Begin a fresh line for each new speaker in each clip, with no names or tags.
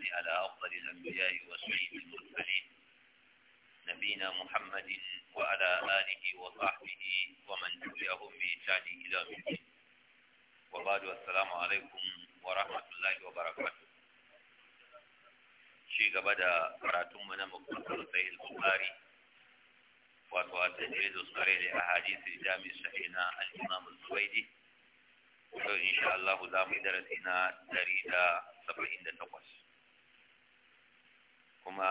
الإحسان على أفضل الأنبياء وسعيد المرسلين نبينا محمد وعلى آله وصحبه ومن تبعهم بإحسان إلى مدين وبعد السلام عليكم ورحمة الله وبركاته shi gaba da karatun mana mukasar sai al-bukhari wato a tajwidu sare da ahadisi jami sai na al-imam al-zubaidi insha Allah za mu darasi na 178 kuma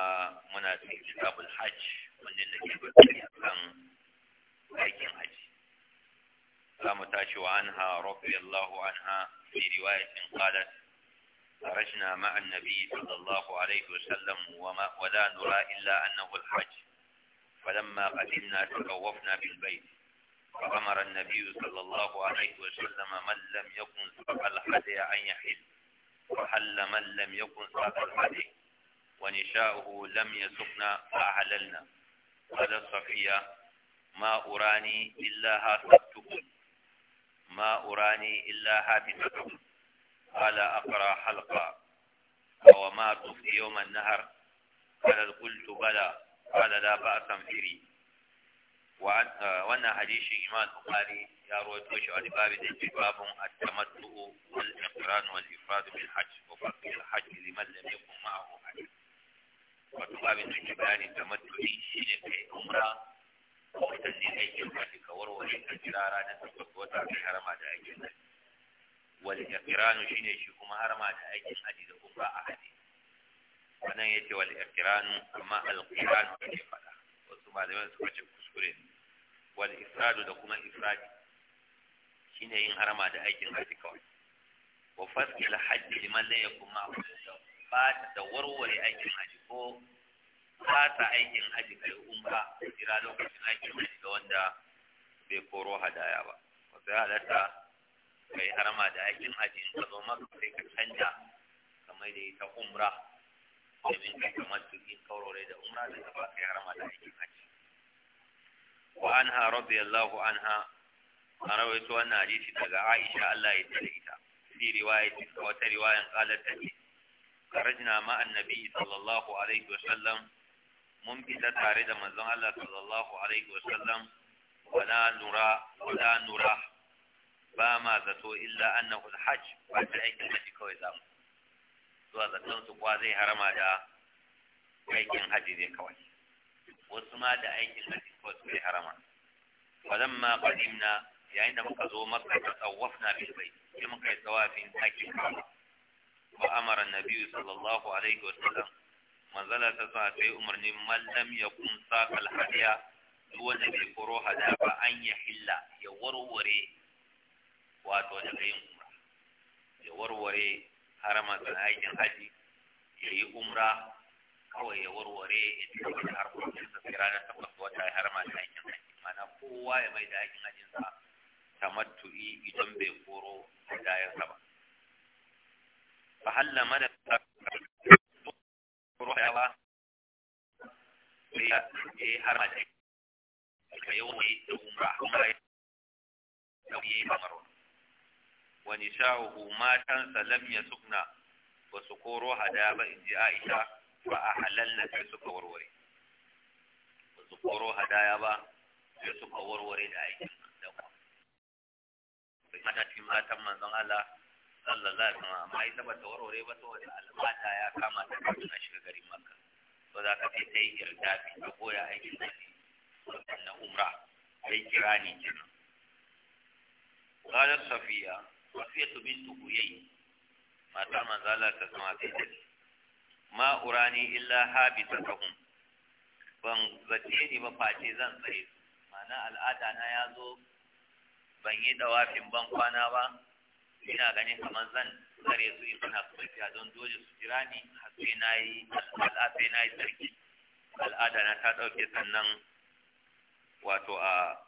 muna cikin kitabul hajj wanda da ke bayani akan aikin hajji za mu tashi wa anha radiyallahu anha fi riwayatin qalat خرجنا مع النبي صلى الله عليه وسلم وما ولا نرى إلا أنه الحج فلما قدمنا تخوفنا بالبيت فأمر النبي صلى الله عليه وسلم من لم يكن سبق الحدي أن يحل وحل من لم يكن سبق الحدي ونشاؤه لم يسقنا فأحللنا قال الصفية ما أراني إلا هاتفتكم ما أراني إلا هاتفتكم قال أقرأ حلقة وما في يوم النهر قال قلت بلى قال لا بأس فيري وانا حديث إمام البخاري يا رويت وش باب باب التمتع والإقران والإفراد بالحج وفق الحج لمن لم يكن معه حديث
wato babin da ke bayani da
matuɗi shi ne kai umra a watanni aikin hajji ka warware ta jira ranar ta takwas wata kai harama da aikin nan. Wani iqranu shine shi kuma harama da aikin hajji da umra a hadi wannan ya yace wal iqranu amma al qiranu ke faɗa. wasu malaman suka ce kuskure Wani ifradu da kuma Shi ne yin harama da aikin hajji kawai wa fasl hajji liman la yakun ma'a ba da warware aikin hajji ko kasa aikin haji kai umra jira lokacin aikin haji ga wanda bai koro hadaya ba wato ya halatta kai harama da aikin haji in ka zo maka sai ka canja kamar da ita umra domin ka kamar in kaurore da umra da ba kai harama da aikin haji wa ha radiyallahu allahu an rawaito wannan hadisi daga Aisha Allah ya tsare ita fi riwayatin wata riwayan qalat ta ce karajina ma annabi sallallahu alaihi wasallam mun fita tare da manzon Allah sallallahu alaihi wasallam wala nura wala ba ma zato illa annahu alhajj ba ta aikin haji kawai za mu zuwa zaton su zai harama da aikin haji kawai wasu ma da aikin haji kawai su zai harama falamma qadimna yayin da muka zo makka ta tsawafna sai tsawafin wa amara nabi sallallahu alaihi wa sallam manzala ta sa sai umarnin Mallam lam yakun saqal hadiya duk wanda bai koro hada ba an ya hilla ya warware wato daga yin umra ya warware harama sana aikin haji ya yi umra kawai ya warware ya ci da harkokinsa sai ranar takwas mana kowa ya da aikin idan bai koro hadayarsa ba fa halla mada ruhawa ya har ma da ka yau mai da umra umra ya yi kamar wa nisa'uhu matansa lam yasukna ba su koro hada ba in ji Aisha ba a halalna sai suka warware ba su koro hadaya ba sai suka warware da aikin da kuma matan manzon Allah sallallahu alaihi wasallam amma ita bata warware ba saboda al'ada ya kama ta kafin a shiga garin maka, ko za ka fi ce sai yarda bi ta koya aikin da nabi na umra sai kirani kenan قالت صفية صفية بنت بويي ما تعمى zama تسمع تجري ma urani illa ta habitatahum ban zace ni ba face zan tsaye mana al'ada na ya zo ban yi dawafin ban kwana ba ina ganin kamar zan tsare su in suna kwanciya don dole su jira ni har sai na yi al'ada na yi sarki al'ada na ta ɗauke sannan wato a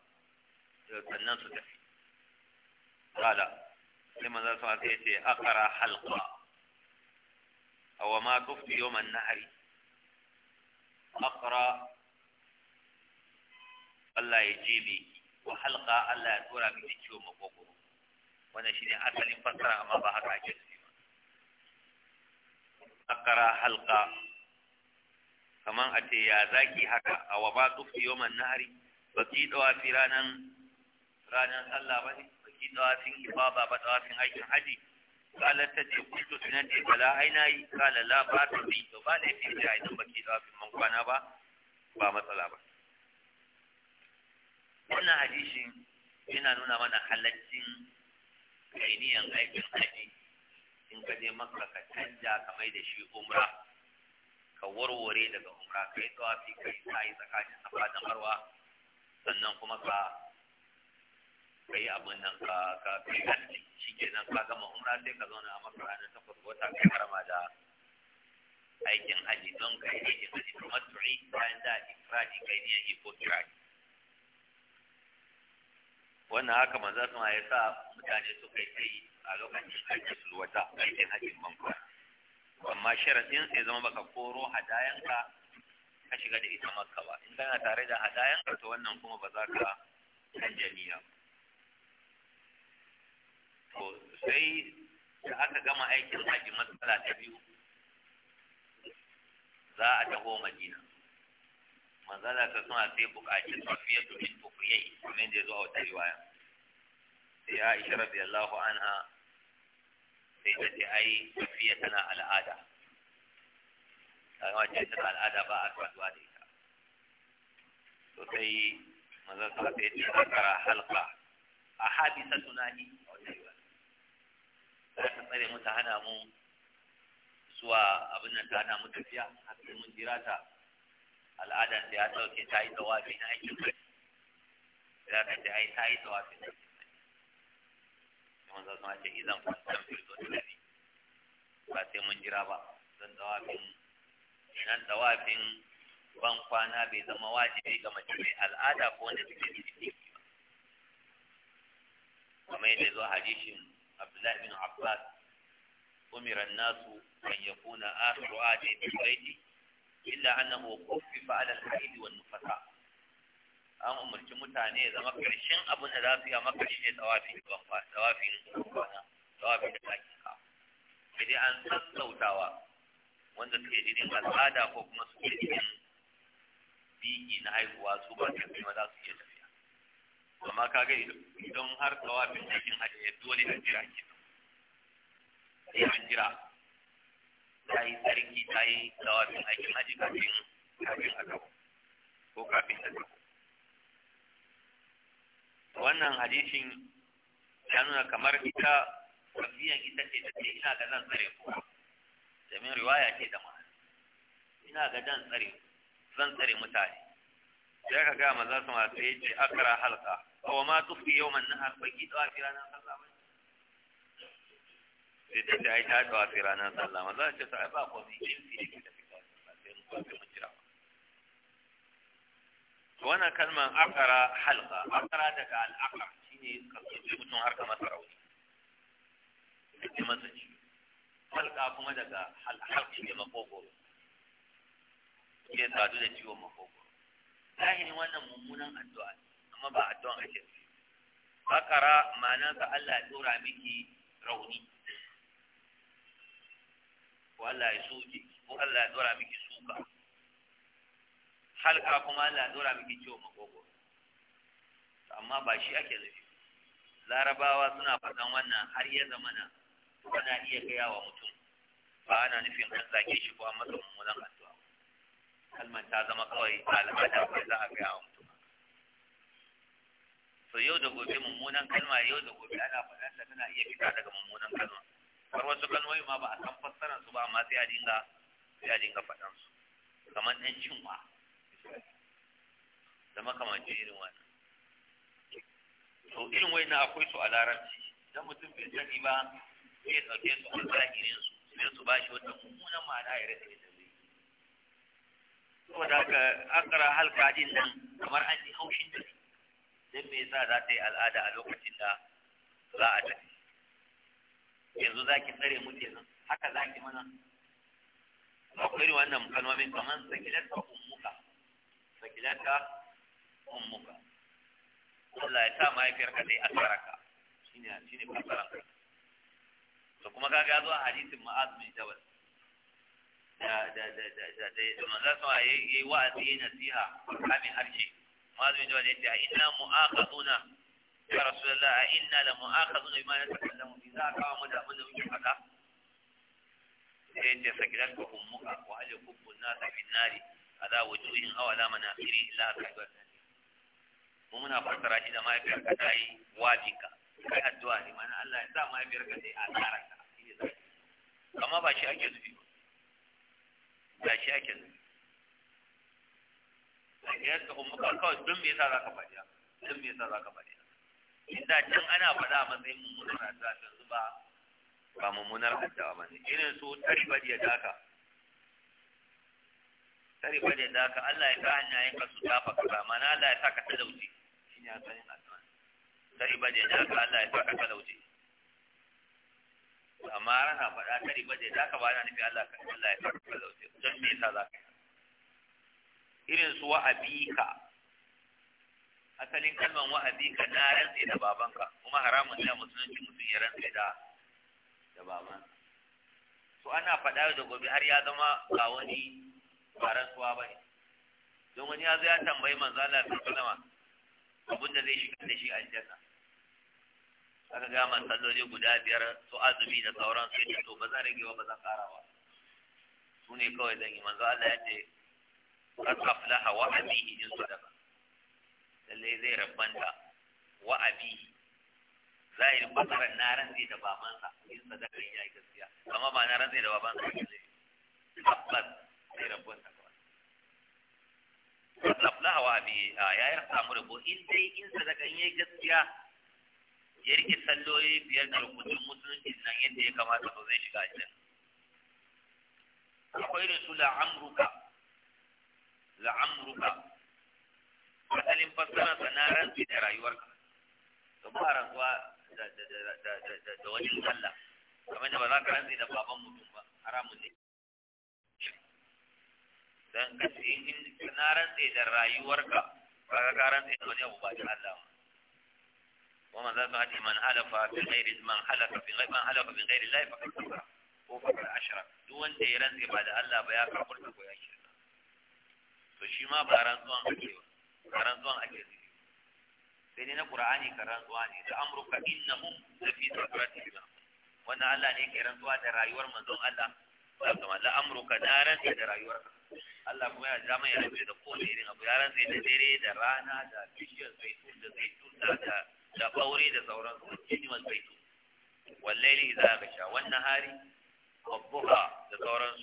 sannan su tafi kada sai za su sai ce akara a wa ma tufti yoman an-nahri akara Allah ya jibi wa halka, Allah ya tura miki ciwo makogoro wannan shine asalin fassara amma ba haka ake nufi ba akara halqa kaman a ce ya zaki haka a waba tufi yawman nahari baki dawa fi ranan ranan sallah bane baki dawa fin ibada ba dawa fin aikin haji قالت تجي قلت سنتي فلا عيناي قال لا ba بي تو ba ne fi da idan baki da fi man kwana ba ba matsala ba wannan hadisin yana nuna mana halaccin kai aikin haji in ka je maka ka canja ka mai da shi umra ka warware daga umra kai tawafi kai sa'i tsakanin safa da marwa sannan kuma ka kai abin nan ka ka kai gaske shikenan ka gama umra sai ka zauna a maka ranar takwas wata kai karama da aikin haji don kai aikin haji kuma bayan da ifradi kai niyan iko kirani wannan haka manzo sun ya sa mutane su kai kai a lokacin hajji sulwata aikin hajjin manfa amma sharadin sai zama baka koro hadayanka ka shiga da ita makka ba in kana tare da ka, to wannan kuma ba za ka kan niyya to sai da aka gama aikin hajji matsala ta biyu za a taho madina manzala ta suna sai buƙaci tafiya su min tufiyai kamar da ya zo a wata riwaya sai ya ishe rabbi allahu anha sai ta ce ai tafiya tana al'ada yawan ce tana al'ada ba a saduwa da ita to sai manzala ta sai ce kara halka a hadisa tunani a wata riwaya za ta tsare mu ta hana mu zuwa abin nan ta hana mu tafiya a mun jira ta al'adar da ya dauke ta yi tawafi na aikin kai za ka ce yi ta yi tawafi na aikin kai kuma za su ma ce izan kwastan fito da nabi ba sai mun jira ba don tawafin inan tawafin ban kwana bai zama wajibi ga mace mai al'ada ko wanda take da ciki kuma yadda zo hadishin Abdullahi bin Abbas umira nasu an yakuna akhiru adi bi baiti illa kofi kuffifa ala al-haid nufasa an umarci mutane zama karshen abin da za su yi a makarshe ne tsawafin kwana tsawafin da ɗakin ka sai an sassautawa wanda suke jinin al'ada ko kuma suke jinin biki na haihuwa su ba ta za su iya tafiya amma ka ga idan har tsawafin ɗakin hajji dole a jira ke sai an jira ta yi tsarki ta yi tsawafin aikin haji kafin kafin a gaba ko kafin a gaba wannan hadisin ya nuna kamar ita tafiyan ita ce ce ina ga zan tsare ku domin riwaya ce da ma'ana ina ga zan tsare zan tsare mutane sai ka gaya maza su masu yace akara halka aw ma tufi yawman nahar fa ki tsawafi ranar sai ta ta yi ta dawa ranar sallah maza ce ta sa ba ko zai in fi ki ta fita sai mun kwafi mun jira wannan kalman akara halka akara daga al'aqar shine kasance mutum har kamar sarauni ne masa ci Halka kuma daga halqi ne makogoro ke sadu da ciwon makogoro zahirin wannan mummunan addu'a amma ba addu'a ake ba akara ka Allah ya dora miki rauni ko Allah ya soke ko Allah ya dora miki suka halka kuma Allah ya dora miki ciwo makoko. amma ba shi ake nufi larabawa suna faɗan wannan har ya zamana ana iya gaya wa mutum ba ana nufin an zage shi ko an masa mummunan addu'a kalmar ta zama kawai al'ada ba za a gaya wa mutum so yau da gobe mummunan kalma yau da gobe ana faɗan ta tana iya fita daga mummunan kalma har wasu kalmomi ma ba a san fassara su ba amma sai a dinga sai a dinga faɗan su kamar ɗan cinwa da makamancin irin wannan to irin wai na akwai su a larabci idan mutum bai sani ba sai ya ɗauke su a zahirin su sai su ba shi wata mummunan ma'ana ya rage da zai saboda ka akara halka din nan kamar an ji haushin da ne don me yasa za ta yi al'ada a lokacin da za a tafi yanzu za ki tsare mu kenan haka za ki mana akwai wannan kalmomin kamar sakilata ummuka sakilata ummuka Allah ya sa mahaifiyarka dai asaraka shine shine fasara to kuma kaga zuwa hadisin ma'az bin jabal da da da da da da manzo sa yayi wa'azi nasiha kamin harshe ma'az bin jabal yace inna mu'aqaduna ya rasulullah a inna la mu'akhadhuna bima natakallamu bi za ka mu da abin da muke faɗa sai ta sakiran ka ummuka wa hal yakubbu nasa fi nari ala wujuhin aw ala manafiri illa ka ga mu muna fassara shi da mahaifiyar ka ta yi wajinka kai addu'a ne mana Allah ya sa mahaifiyar ka ta yi asararka shi ne zai amma ba shi ake nufi ba ba shi ake nufi yadda umma kawai don me yasa zaka faɗi don me yasa zaka faɗi inda can ana faɗa a matsayin mummunar addu'a yanzu ba
ba mummunar addu'a ba ne irin su
tarifar ya daka tarifar ya daka Allah ya sa yin kasu su faka ba mana Allah ya sa ka talauce shi ne asalin addu'a tarifar ya daka Allah ya sa ka talauce amma rana faɗa tarifar ya daka ba na nufi Allah ya sa ka talauce don me yasa za ka yi irin su wa'abika asalin kalman wa'azi ka na rantsi da babanka kuma haramun ne musulunci mutum ya rantsi da da baban so ana faɗa da gobe har ya zama ga wani ba suwa ba ne don wani ya zo ya tambayi manzo Allah sallama abin da zai shiga da shi aljanna aka ga man salloli guda biyar su azumi da sauran sai ta to ba zan rage ba ba zan ƙara ba su ne kawai zan yi manzo Allah ya ce qad aflaha wa'azi in sadaqa lallai zai rabbanta za a yi basaran na rantse da babansa in sa zaka yi gaskiya amma ba na rantse da babansa ba ne tabbas zai rabbanta kawai laflaha wa abi ya yi samu rabo in dai in sa zaka yi gaskiya ya rike salloyi biyar da rukunin musulunci nan yadda ya kamata to zai shiga ajiyar akwai rasu la'amruka la'amruka asalin fassara sa na rantsi da rayuwarka to ba rantsuwa da da da da wani Allah kamar da ba za ka rantsi da baban mutum ba haramun ne dan ka in na rantsi da rayuwarka ba ka rantsi da wani abu ba ta Allah wa man zaka hadi man halafa bi ghairi man halafa bi ghairi man halafa bi ghairi Allah faqad kafara ko faqad ashrak duk wanda ya rantsi ba da Allah ba ya kafirta ko ya shirka to shi ma ba rantsuwan kake ba karan zuwan ake nufi sai dai na qur'ani karan zuwa ne da amruka innahum lafi sakratihim wannan Allah ne ke rantsuwa da rayuwar manzon Allah kuma la amruka daran da rayuwar Allah kuma ya zama ya rubuta da kowane irin abu ya rantsa da dare da rana da bishiyar zaitun da zaitun da da baure da sauran su shine wal zaitun wallaili idza gasha wannan hari wabbuha da sauran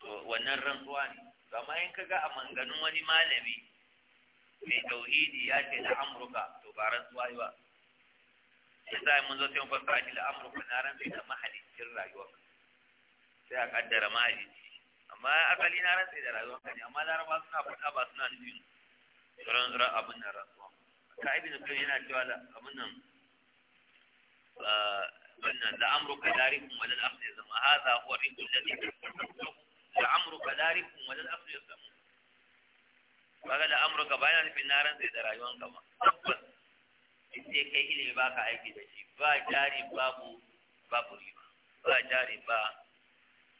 su wannan rantsuwa ne kamar in kaga a manganin wani malami mai tauhidi ya ce da amurka to ba rantsuwa yi ba ya sa mun zo sai mun farka shi amurka na rantsi da mahalicin rayuwa sai a kaddara mahalici amma asali na rantsi da rayuwa ka amma laraba suna faɗa ba suna nufin rantsuwa abin nan rantsuwa ka ibi da kai yana cewa da abin nan wannan da amurka darikun wadda da afirka zama haza huwa rikun da ne da amurka darikun wadda da afirka zama kaga da amurka bayan nufin na ran sai da rayuwar kama tabbas in dai kai ilimi ba ka aiki da shi ba jari babu babu riba ba jari ba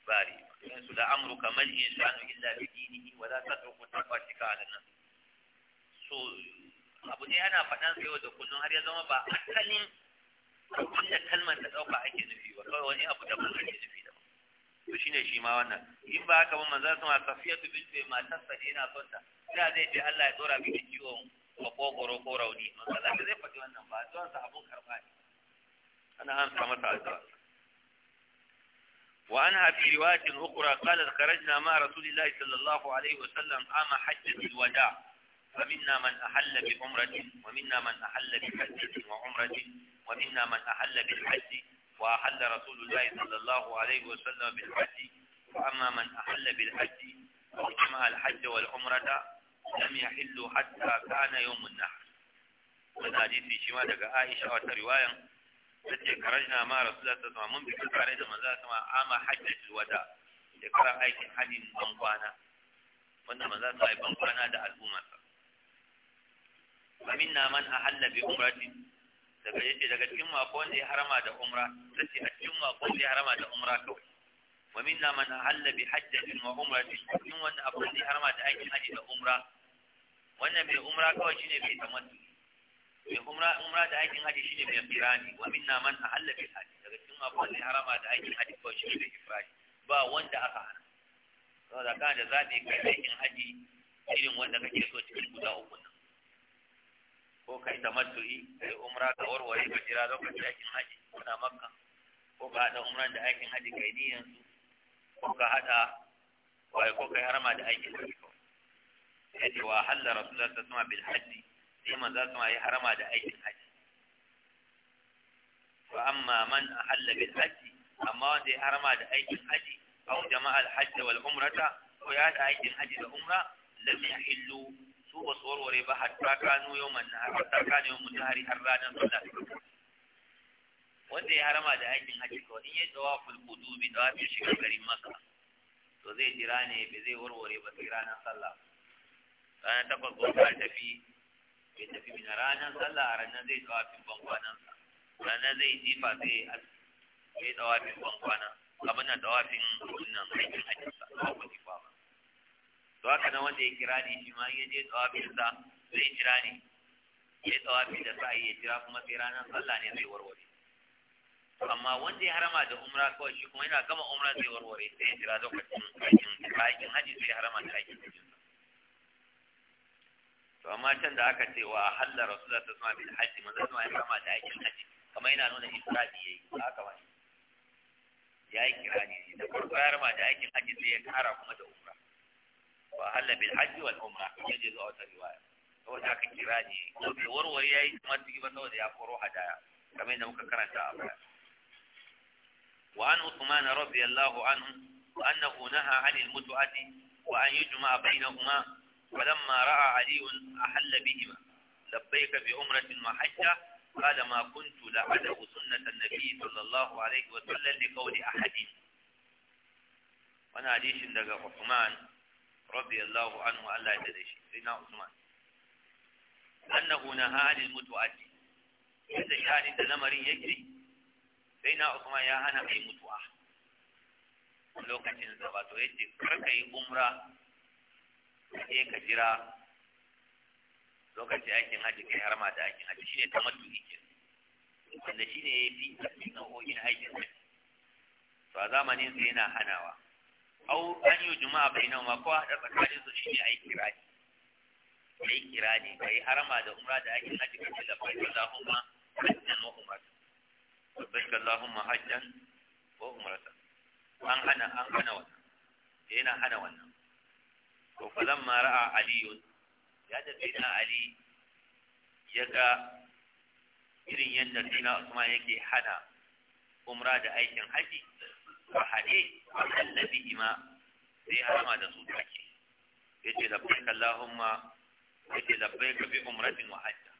ba riba don su da amurka mal insanu illa bi dinihi wa ta kwashi ka a nan. so abu ne ana faɗan sai da kullum har ya zama ba asalin abin kalmar da ɗauka ake nufi ba kawai wani abu da ba ake nufi to shine shi ma wannan in ba haka ba manzo sama safiyatu bintu matar sa ne yana son ta da zai ce Allah ya dora miki ciwon makogoro ko rauni manzo Allah zai faɗi wannan ba don sa abun karba ne ana amsa masa addu'a وعنها في رواية أخرى قالت خرجنا مع رسول الله صلى الله عليه وسلم عام حجة الوداع فمنا من أحل بعمرة ومنا من أحل بحجة وعمرة ومنا من أحل بالحج وأحل رسول الله صلى الله عليه وسلم بالحج وأما من أحل بالحج أو جمع الحج والعمرة لم يحل حتى كان يوم النحر من حديث شما دقى عائشة وترواية التي خرجنا مع رسول الله صلى الله عليه وسلم من بكل عليه من ذلك عام حجة الوداع يقرأ أيك حديث بنقوانا وأن من ذلك بنقوانا دع الأمة فمنا من أحل بعمرة daga yace daga cikin mako wanda ya harama da umra da ce a cikin mako wanda ya harama da umra kawai wa minna man ahalla bi hajjatin wa umratin cikin wanda abin da ya harama da aikin haji da umra wannan bai umra kawai shine bai tamattu bai umra umra da aikin haji shine bai firani wa minna man ahalla bi hajji daga cikin mako wanda ya harama da aikin haji kawai shine bai firani ba wanda aka hana saboda kana da zabi kai aikin haji irin wanda kake so cikin guda uku nan ko kai tamattu'i kai umra ka warware ka jira lokacin aikin haji kuna makka ko ka haɗa umran da aikin haji kai niyan su ko ka haɗa wai ko kai harama da aikin haji ko yace wa halla rasulullah sallallahu alaihi wasallam bil haji sai manzo sama yi harama da aikin haji fa amma man ahalla bil haji amma wanda ya harama da aikin haji aw jama'a al hajj wal umrata ko ya haɗa aikin haji da umra lam yahillu su ba su warware ba hatta kanu yau man har ta kanu yau mun hari har ranar sallah wanda ya harama da aikin haji ko in yayi tawaful qudubi tawafin shiga garin maka to zai jira ne bai zai warware ba sai ranar sallah ranar takwas ko ta tafi bai tafi min ranar sallah a ranar zai tawafin bankwanan ranar zai jifa sai ya yi tawafin bankwana abin da tawafin sunan aikin haji ba ko jifa ba to haka nan wanda ya kira ni shi ma ya je tsawafin sa zai kira ne ya tsawafi da sa'i ya jira kuma sai ranar sallah ne zai warware amma wanda ya harama da umra kawai shi kuma yana gama umra zai warware sai ya jira lokacin aikin aikin haji sai ya harama da aikin haji to amma can da aka ce wa halla rasulullah ta sama bil haji manzo sama ya harama da aikin haji kamar yana nuna ifradi yayi haka ba ya yi kirani da farko ya harama da aikin haji sai ya kara kuma da wa halla bil hajji wal umra ya je ga wata riwaya saboda aka kira ne ko bai warware yayi kuma duk ba saboda ya koro hadaya kamar yadda muka karanta a baya wa an anhu an فلما رأى علي أحل بهما لبيك بعمرة وحجة قال ما كنت لعده سنة النبي صلى الله عليه وسلم لقول أحد وانا حديث عثمان radiyallahu anhu Allah ya dade shi sai na Usman annahu naha anil mutu'ati yadda shani da lamarin yake sai na Usman ya hana yi mutuwa lokacin da to yace karka yi umra sai ka jira lokacin aikin haji kai harma da aikin haji shine tamattu yake wanda shine yafi nau'o'in aikin haji zamanin yana hanawa au an yi juma'a bai nan ma ko haɗa tsakanin su shi ne a yi kirani ayi kirani yi harama da umra da ake haji ka da bai ma hajjan wa umrata bai ma hajjan wa umrata an hana an hana wannan eh, yana hana wannan to mara a aliyun ya da na ali ya ga irin yadda sayyidina usman yake hana umra da aikin haji a haɗe a kallabi ima sai harama da su take ya ce labbaik Allahumma ya ce labbaik bi umratin wa hajja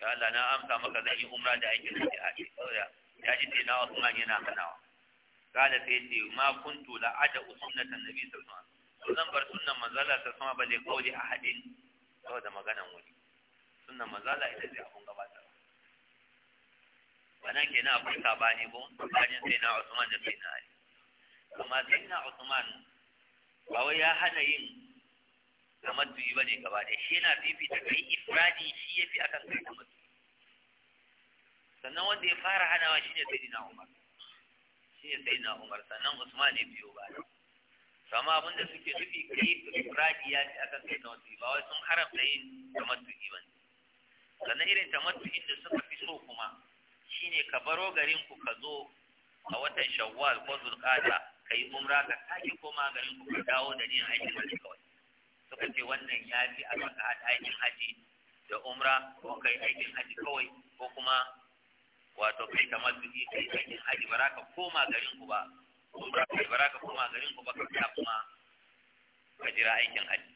ya Allah na amsa maka zan yi umra da aikin da ake saboda ya ji sai na Usman yana hanawa kada sai ce ma kuntu la ada sunnatan nabi sallallahu alaihi wasallam sunan bar sunnan manzala ta sama bale kauli ahadin saboda maganan wani sunnan manzala ita ce abun gabatar wannan kenan akwai sabani ko tsakanin sai na Usman da sai na Ali amma sai na Usman ba wai ya hana yin yi bane gaba da shi yana fifita kai ifradi shi yafi akan kai tamattu'i sannan wanda ya fara hanawa sai na Umar shi ne sai na Umar sannan Usman ne biyo ba amma abin da suke nufi kai ifradi ya fi akan kai tamattu'i ba wai sun haramta yin ba bane sannan irin tamattu'in da suka fi so kuma shine ka baro garin ku ka zo a watan shawwal ko zulqa'da kai umra ka sake koma garin ku ka dawo da niyan aikin haji kawai suka ce wannan ya fi a kan haɗa aikin haji da umra ko kai aikin haji kawai ko kuma wato kai kamar su yi kai aikin haji ba za ka koma garin ku ba umra kai ba za ka koma garin ku ba ka ta kuma ka jira aikin haji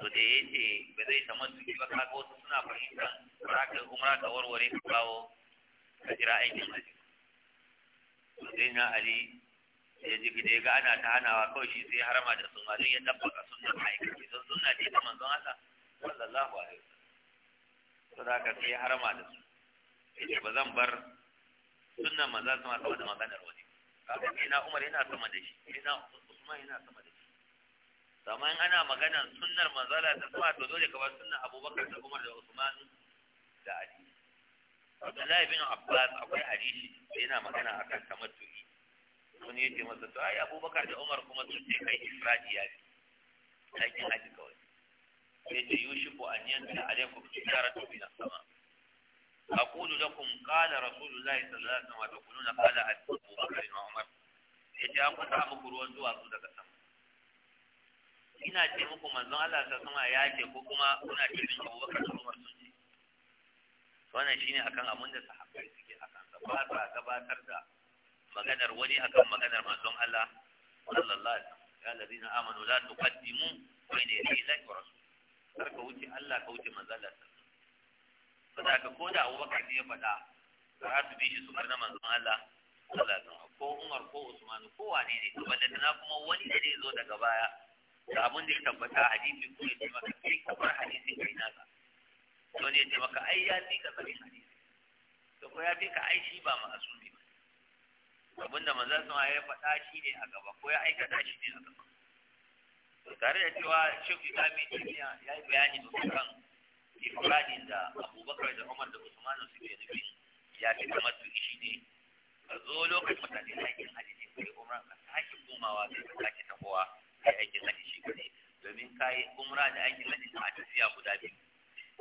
to da ya ce ba zai ta masu ba kaga wasu suna fahimtar ba za ka umra ka warware ka kawo ka jira aikin sai na ali ya ji gida ga ana ta hanawa kawai shi sai harama da sun wajen ya tabbata da ma'aikaci don suna ce ta manzon haka. sallallahu a yau to da ka sai harama da su yace ba zan bar sunnan manzon sama da maganar wani kaga ina Umar yana sama da shi ina Usman yana sama da shi amma in ana maganar sunnar manzon ta sama to dole ka bar sunnar Abubakar da Umar da Usman da Ali Abdullahi bin Abbas akwai hadisi da yana magana akan tamattu'i wani yake masa to ai Abubakar da Umar kuma sun ce kai ifradi ya ce aikin haji kawai sai ce yushiku an yanzu alaikum tijaratu min na sama aqulu lakum qala rasulullahi sallallahu alaihi wasallam wa taquluna qala Abubakar wa Umar yace an kusa muku ruwan zuwa su daga sama ina ce muku manzon Allah ta sama ya ce ko kuma kuna ce min Abubakar da Umar sun wannan shine akan abin da sahabbai suke akan sa ba sa gabatar da maganar wani akan maganar manzon Allah sallallahu alaihi wasallam ya ladina amanu la tuqaddimu bayna yaday Allahi wa rasul kar ka wuce Allah ka wuce manzon Allah ba za ka koda Abubakar ne ya faɗa za su bi shi su karna manzon Allah sallallahu alaihi wasallam ko Umar ko Usman ko wane ne to balle na kuma wani da zai zo daga baya da abin da ya tabbata hadisi ko ya ce maka kai ka bar hadisin kai naka wani ya ce maka ai ya fi ka sanin hadisi to ko ya fi ka ai shi ba ma'asumi ba abinda manzo sun ya faɗa shi ne a gaba ko ya aikata shi ne a gaba to tare da cewa ta islami duniya ya yi bayani kan ifradin da abubakar da umar da usmanu ke nufi ya fi kamar su shi ne ka zo lokacin mutane aikin hadisi ko umar ka sake komawa sai ka sake tafowa kai aikin hadisi ne domin yi umra da aikin hadisi a tafiya guda biyu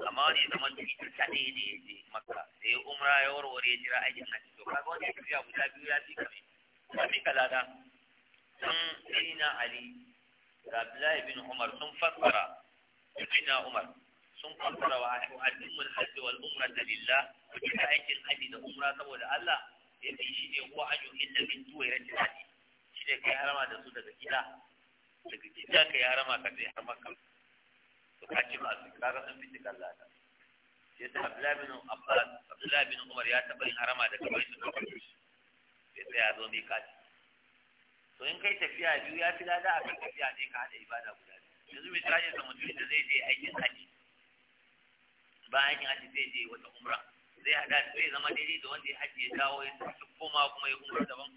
amma wani ya zama duk ita kaɗai ne ya je maka da ya umra ya warware jira aikin hajji to kaga wani tafiya guda biyu ya fi kame ba fi kalada sun sayyidina ali da abdullahi bin umar sun fassara sayyidina umar sun fassara wa addinul hajji wal umra da lillah ita aikin hajji da umra saboda Allah ya fi shi ne huwa ajin inda min tuwai rashin hajji shi ne yi harama da su daga gida daga gida ka yi harama ka sai harama ka to ka ci masu kaga sun fiti kalla ta Abdullahi bin Umar ya taɓa yin harama daga bai su kafa shi sai tsaya zo mai kaci to in kai tafiya biyu ya fi lada a kan tafiya ne haɗa ibada guda biyu yanzu mai tsaje sa mutum da zai je aikin haji bayan yin zai je wata umra zai haɗa zai zama daidai da wanda ya haji ya dawo ya tafi koma kuma ya umra daban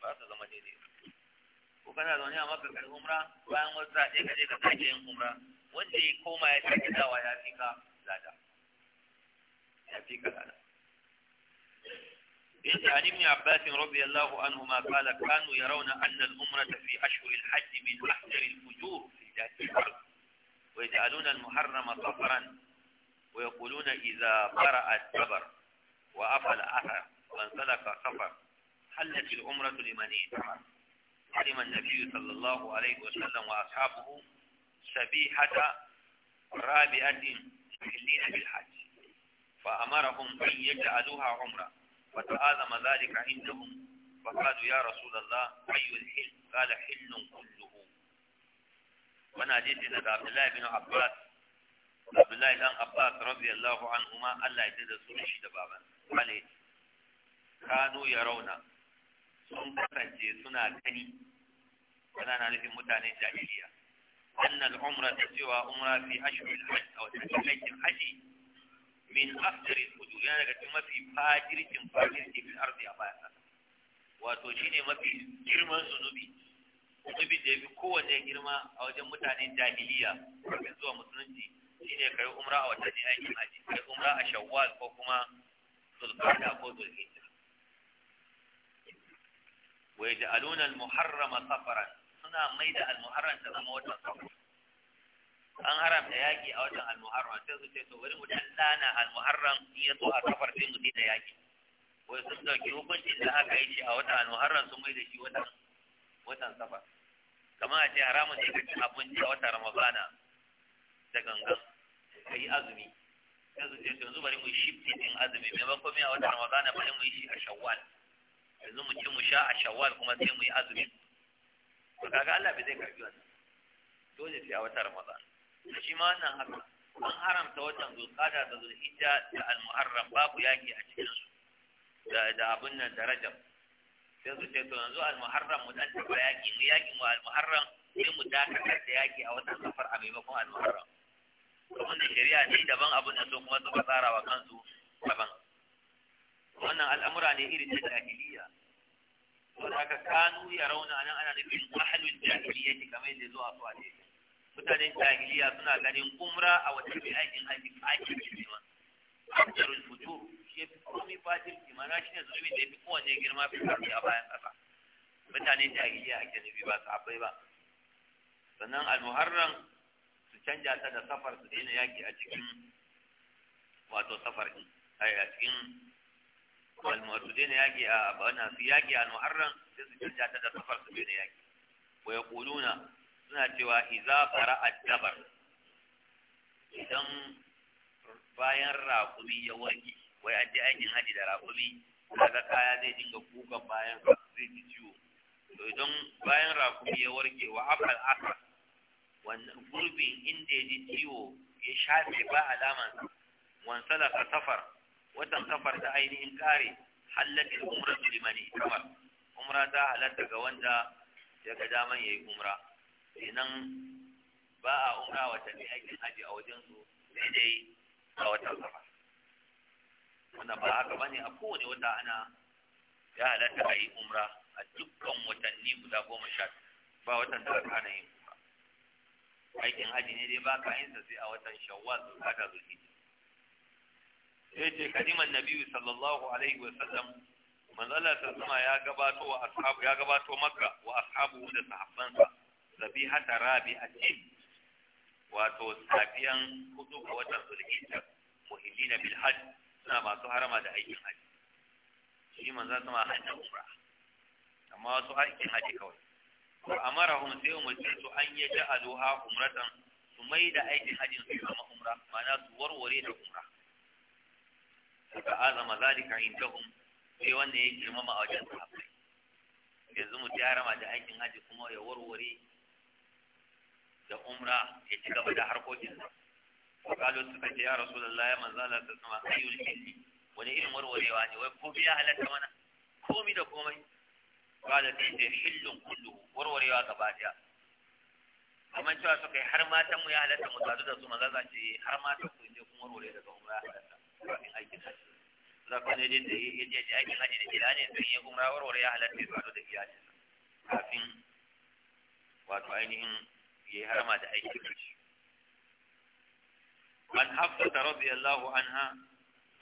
ba su zama daidai ko kana zaune a maka umra bayan wata ɗaya yin umra wanda ya koma ya sake dawa ya fi ka lada ya fi ka lada عن ابن عباس رضي الله عنهما قال كانوا يرون أن الأمرة في أشهر الحج من أحسن الفجور في ذات الأرض ويجعلون المحرم صفرا ويقولون إذا قرأ الصبر وأفل أثر وانسلك صفر حلت الأمرة لمن ائتمر علم النبي صلى الله عليه وسلم وأصحابه سبيحة رابعة يحلين بالحج فأمرهم أن يجعلوها عمرة فتآذم ذلك عندهم فقالوا يا رسول الله أي الحل قال حل كله وانا جئت إلى عبد الله بن عباس عبد الله بن عباس رضي الله عنهما الله يجد سوشي دبابا قال كانوا يرون sun kasance suna gani ana na nufin mutane jahiliya أن العمرة سوى عمرة في أشهر الحج أو تحقيق الحج من أفضل الأجور يعني كما في فاجرة فاجرة في الأرض أبايا وتوشين ما في جرما سنوبي سنوبي ده في قوة جرما أو جم متعني جاهلية وكذوا مسلمتي شين كي عمرة أو تحقيق الحج كي عمرة أشوال وكما تلقاها فوز الهجرة ويجعلون المحرم سفرا suna mai da almuharram ta zama watan an haramta yaƙi a watan almuharram sai su ce to wani mutum lana almuharram in ya so a sai mu da yaƙi wai sun ɗauki hukuncin da aka yi shi a watan almuharram sun mai da shi watan watan safar kamar a ce haramun ne ka ci abinci a watan ramadana da gangan ka yi azumi sai su ce to yanzu bari mu yi shifti ɗin azumi maimakon mai a watan ramadana bari mu yi shi a shawwal yanzu mu ci mu sha a shawwal kuma sai mu yi azumi to kaga Allah bai zai karbi wannan dole sai a wata ramadan shi ma nan haka an haramta watan zulqada da zulhijja da almuharram babu yaki a cikin su da da abun nan da rajab sai su ce to yanzu almuharram mu dan tafi yaki mu yaki mu almuharram sai mu dakatar da yaki a watan safar a maimakon almuharram wanda shari'a ne daban abun da su kuma suka tsara wa kansu daban wannan al'amura ne irin ta jahiliya saboda kanu ya rauna anan ana nufin mahalin mahalul jahiliyyati kamar yadda zuwa su a daidai mutanen jahiliya suna ganin umra a wata mai aikin haji aikin jima abjarul futur shi ya fi komi fatil jima na shi ne zulumin da ya fi kowanne girma fi karfi a bayan ƙasa mutanen jahiliya ake nufi ba su akwai ba sannan almuharram su canja ta da safar su daina yaki a cikin wato safar ɗin a cikin والمرودين يجي daina yaƙi a bana su yaƙi al muharram su canja ta da safar su daina yaƙi suna cewa idza fara dabar idan bayan raƙumi ya warke wai an aikin haji da raƙumi kaga kaya zai dinga kukan bayan zai ji ciwo to idan bayan raƙumi ya warke wa afal asar wannan gurbin inda ya ji ciwo ya shafe ba alaman wansala ka safar watan kafar ta ainihin kare hallakin umra da limani kamar umra ta halatta ga wanda ya ga daman ya yi umra kenan ba a umra watanni aikin haji a wajen su sai dai a watan safar wannan ba haka bane a kowane wata ana ya halatta a yi umra a dukkan watanni guda goma sha ba watan da aka hana yin umra aikin haji ne dai ba ka yin sa sai a watan shawwal da zulhijja yace kadiman nabi sallallahu alaihi wasallam manzala ta zama ya gabato wa ashabu ya gabato makka wa ashabu da sahabbansa zabihata rabi'atin wato safiyan hudu ga watan zulhijja muhillina bil hajj suna masu harama da aikin hajji shi manzo sama hajji umra amma wasu aikin hajji kawai wa amarahum sai umarci su an ya ja'aluha umratan su mai da aikin hajjin su zama umra ma'ana su warware da umra suka azama zalika indahum sai wannan ya girmama a wajen sahabbai yanzu mutum ya rama da aikin haji kuma ya warware da umra ya ci gaba da harkokin sa kalo suka ce ya rasulullahi manzo Allah ta sama ayyul hilli wani irin warwarewa ne wai ko biya halatta mana komi da komai kala ta ce hillun kullu warwarewa gaba daya kamar cewa suka yi har matan mu ya halatta mu sadu da su maza za ce eh, har matan ku je kuma warware daga umra ya halatta kafin يجب ان يكون هناك عن حفصة رضي الله عنها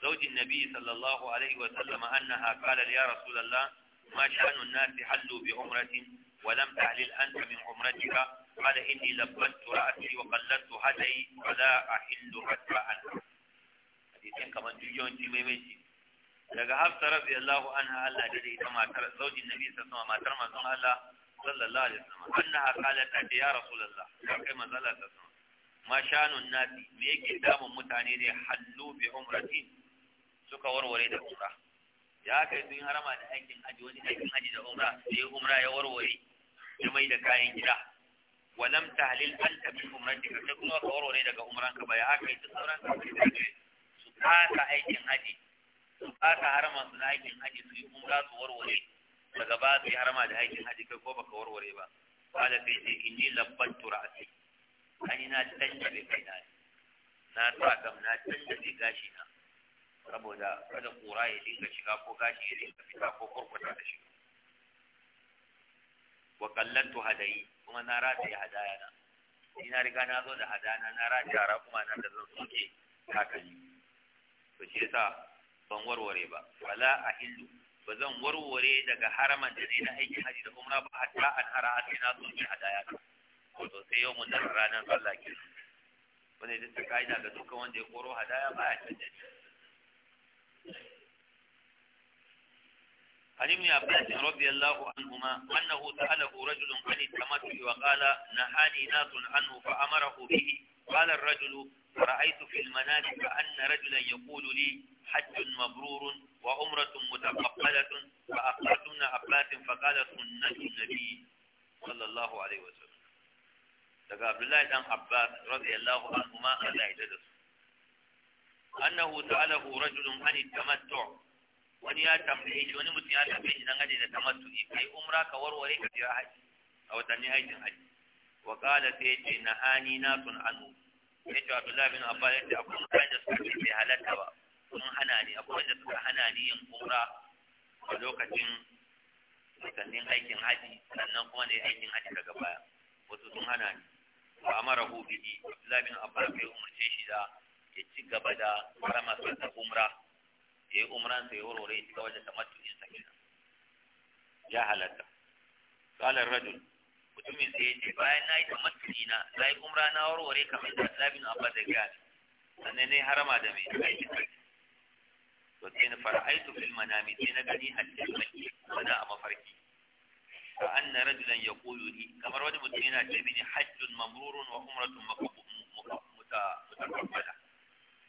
زوج النبي صلى الله عليه وسلم أنها قالت يا رسول الله ما شأن الناس حلوا بعمرة ولم تحلل أنت من عمرتك قال إني لبست رأسي وقلدت هدي ولا أحل حتى أنت hadisin kamar mai mai ci daga hafsa radiyallahu anha Allah da ita matar zaujin nabi sassama. matar mazan Allah sallallahu alaihi wasallam annaha qalat ta ya ya kai mazala sassama sallallahu ma shanun nasi me yake damun mutane ne hannu bi umratin suka warware da umra ya kai sun harama da aikin haji wani aikin haji da umra sai umra ya warware ya mai da kayan gida walam tahlil anta bi umratika sai kuma ka warware daga ka ba ya kai duk sauran ka fasa aikin haji su fasa harama su aikin haji su yi umra su warware daga ba su yi harama da aikin haji kai ko baka warware ba kala sai ce ji labbattu ra'asi kani na canja bai kai na na sa kam na canja bai gashi na saboda kada kura ya dinga shiga ko gashi ya dinga fita ko kurkuta da shiga wa kallantu hadayi kuma na rataye hadaya na ina riga na zo da hadana na rataye kuma na da zan soke takalmi to shi yasa ban warware ba wala a ahillu ba zan warware daga haraman da ne na aikin haji da umra ba hatta an hara har sai na zo ba, hadaya to sai yau mun da ranar Allah ke wanda ita ta kaida ga dukkan wanda ya koro hadaya ba ya canza عن ابن عباس رضي الله عنهما أنه سأله رجل عن التمتع وقال نهاني ناس عنه فأمره به قال الرجل فرأيت في المنام كأن رجلا يقول لي حج مبرور وعمرة متقبلة فأخبرت ابن عباس فقال سنة النبي صلى الله عليه وسلم daga Abdullahi dan Abbas radiyallahu anhuma Allah ya dade su annahu ta'alahu rajulun an tamattu wani ya tambaye shi wani mutum ya tambaye shi dan gaje da tamattu'i kai umra ka warware ka biya haji a watanni hajjin haji wa qala sai ce nahani nasun anu ya ce Abdullahi bin Abbas ya akwai mutane da suka ce halatta ba sun hana ni akwai wanda suka hana ni yin umra a lokacin watannin aikin haji sannan kuma ne aikin haji daga baya wasu sun hana ni wa amara hu bihi Abdullahi bin Abbas ya umarce shi da ya ci gaba da ramasa da umra ya yi umran sai warware ya cika wajen tamattu in sakin ya halatta qala ar mutumin sai ce bayan na yi tamattu na na yi umra na warware kamar da labin abba da gani sannan ne harama da mai aiki to sai na fara'aitu fil manami sai na gani hajjin mai wani a mafarki ka anna rajulan yaqulu li kamar wani mutum yana ce mini hajjun mamrurun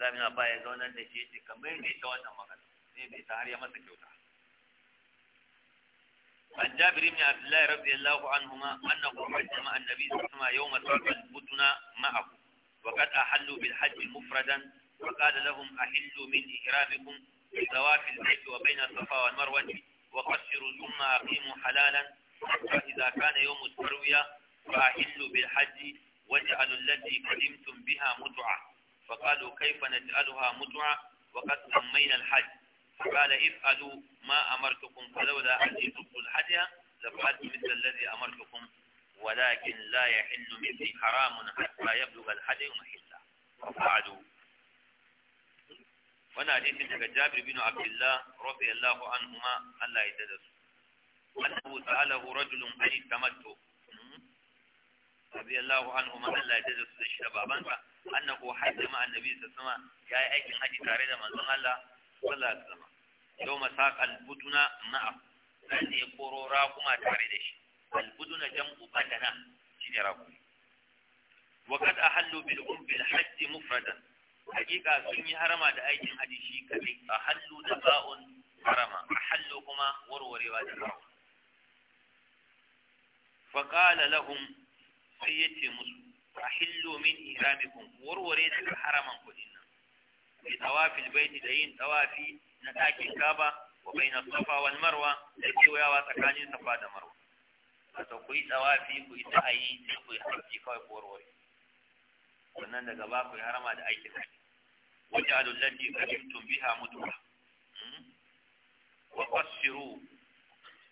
عن جابر بن عبد الله رضي الله عنهما أنه حج مع النبي صلى الله عليه وسلم يوم سرق البدن معه وقد أحلوا بالحج مفردا وقال لهم أحلوا من إحرامكم بالطواف البيت وبين الصفا والمروة وقصروا ثم أقيموا حلالا فاذا كان يوم التروية فأحلوا بالحج واجعلوا التي قدمتم بها متعة فقالوا كيف نجعلها متعة وقد سمينا الحج فقال افعلوا ما أمرتكم فلولا أن جئتكم الحج لفعلت مثل الذي أمرتكم ولكن لا يحل مثلي حرام حتى يبلغ الحج محله ففعلوا وانا حديث daga جابر بن عبد الله رضي الله عنهما tada su انه سأله رجل an tamattu radiyallahu anhu man Allah ya su da shi da babansa annahu hajja ma annabi sallallahu alaihi ya yi aikin haji tare da manzon Allah sallallahu alaihi zama yau masaq albuduna ma'a sai ya koro raƙuma tare da shi albuduna jam'u badana shine raƙumi wa kad ahallu bil umbi al hajj mufradan hakika sun yi harama da aikin haji shi a ahallu da ba'un harama hannu kuma warwarewa da ba'un فقال لهم sai ya ce musu ahillu min ihramikum warware daga haraman kudin nan bi tawafil baiti da yin tawafi na ɗakin kaba wa baina safa wal marwa da kewayawa tsakanin safa da marwa wato ku kuyi tawafi ku yi sa'ayi sai ku yi haji kawai ku warware sannan daga ba ku yi harama da aikin haji waj'alu allati qadimtum biha mutuwa hmm? wa qassiru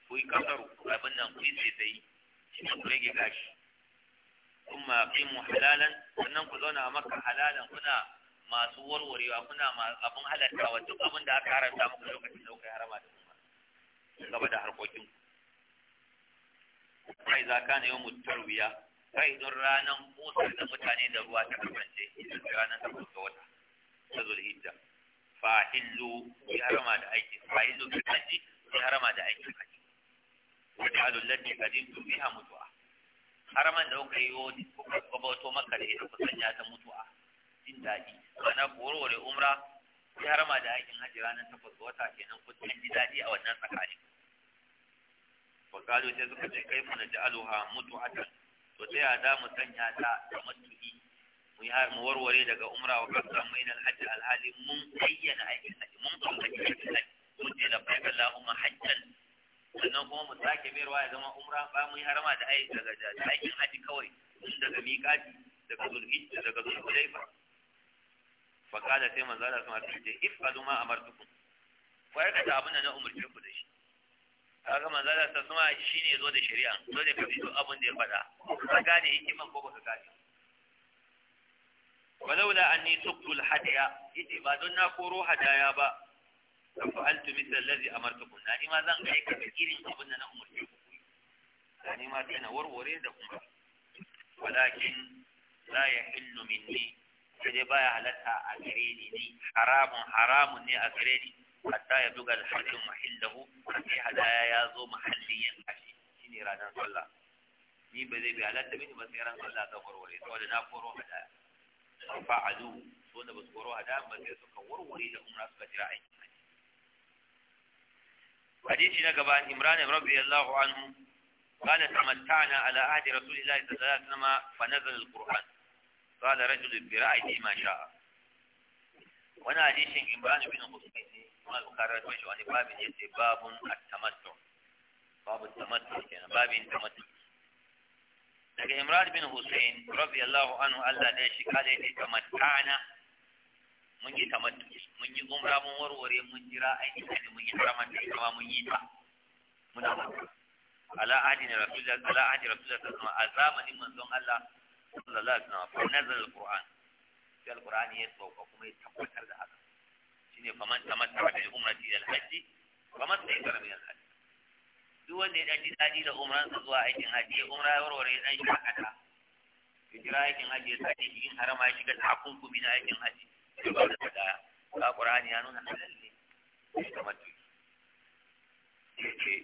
ku yi kasaru abin nan ku yi sai sai ku rage gashi kuma aqimu halalan sannan ku zauna a halalan kuna masu warwarewa kuna abin wa duk abin da aka haramta muku lokacin da kuka harama da kuma gaba da harkokin kai za ka ne yawon tarwiya kai don ranar musar da mutane da ruwa ta kasance idan ranar ta kusa wata ta zulhijja fahillu ya harama da aiki fahillu bi ya harama da aikin haji wajalu lati qadimtu biya mutuwa. haraman da kuka yi wani kuka gabato maka da ita kusan ya ta mutuwa jin daɗi ma'ana koro warware umra ya harama da aikin hajji ranar takwas wata kenan kusan ji daɗi a wannan tsakanin fakalo sai suka ce kai muna ji aluha mutu'atan to ta za mu sanya ta da matuƙi mu yi mu warware daga umra wa kasa mai nan hajji alhali mun bayyana aikin hajji mun kuma hajji aikin hajji mun ce labbaik allahumma hajjan sannan kuma mu sake mayarwa ya zama umra ba mu yi harama da aiki daga aikin haji kawai tun daga miƙati daga zulhijja daga ba fa kada sai manzo Allah sama ce a ma ko ku aikata abin da na umurce ku da shi kaga manzo Allah ta shi shine zo da shari'a zo da kafi duk abin da ya faɗa ka gane hikiman ko baka gane walaula anni tuktul hadiya yace ba don na koro hadaya ba an fa'altu mithla allazi amartukum na ni ma zan aikata irin abin da na umarce ku Da ni ma sai na warware da kuma walakin la yahillu minni sai baya halatta a gare ni ni haramun haramun ne a gare ni hatta ya buga alhadin mahallahu sai hadaya ya zo mahallin yin kashi shine ranar sallah ni ba zai bi halatta mini ba sai ran sallah ta warware saboda na koro hadaya fa'alu so da ba su koro hadaya ba sai suka warware da umra suka jira aiki hadisi na gaba imran ibn radiyallahu anhu قال تمتعنا على عهد رسول الله صلى الله عليه وسلم فنزل القرآن قال رجل برأيه ما شاء وانا حديث عمران بن حسين ما البخاري رحمه الله باب يسي باب التمتع باب التمتع يعني باب التمتع daga imran bin hussein radiyallahu anhu Allah da shi kada yake tamattana mun yi tamattu yi umra mun warware mun jira aikin hajji mun yi haraman da ita mun yi ta muna maka ala ahdi na rasulullah ala ahdi rasulullah sallallahu alaihi wasallam a manzon Allah sallallahu alaihi wasallam fa nazal alquran sai alquran ya sauka kuma ya tabbatar da haka shine faman tamattara da umrati ila alhaji? faman tayyara min alhaji. duk wanda ya daji daɗi da umransa zuwa aikin hajji ya umra ya warware shi dan shakata ya jira aikin hajji ya sake yin harama ya shiga takunkumi na aikin hajji ya ba da daya Ka ƙur'ani ya nuna halal ne da mutum yace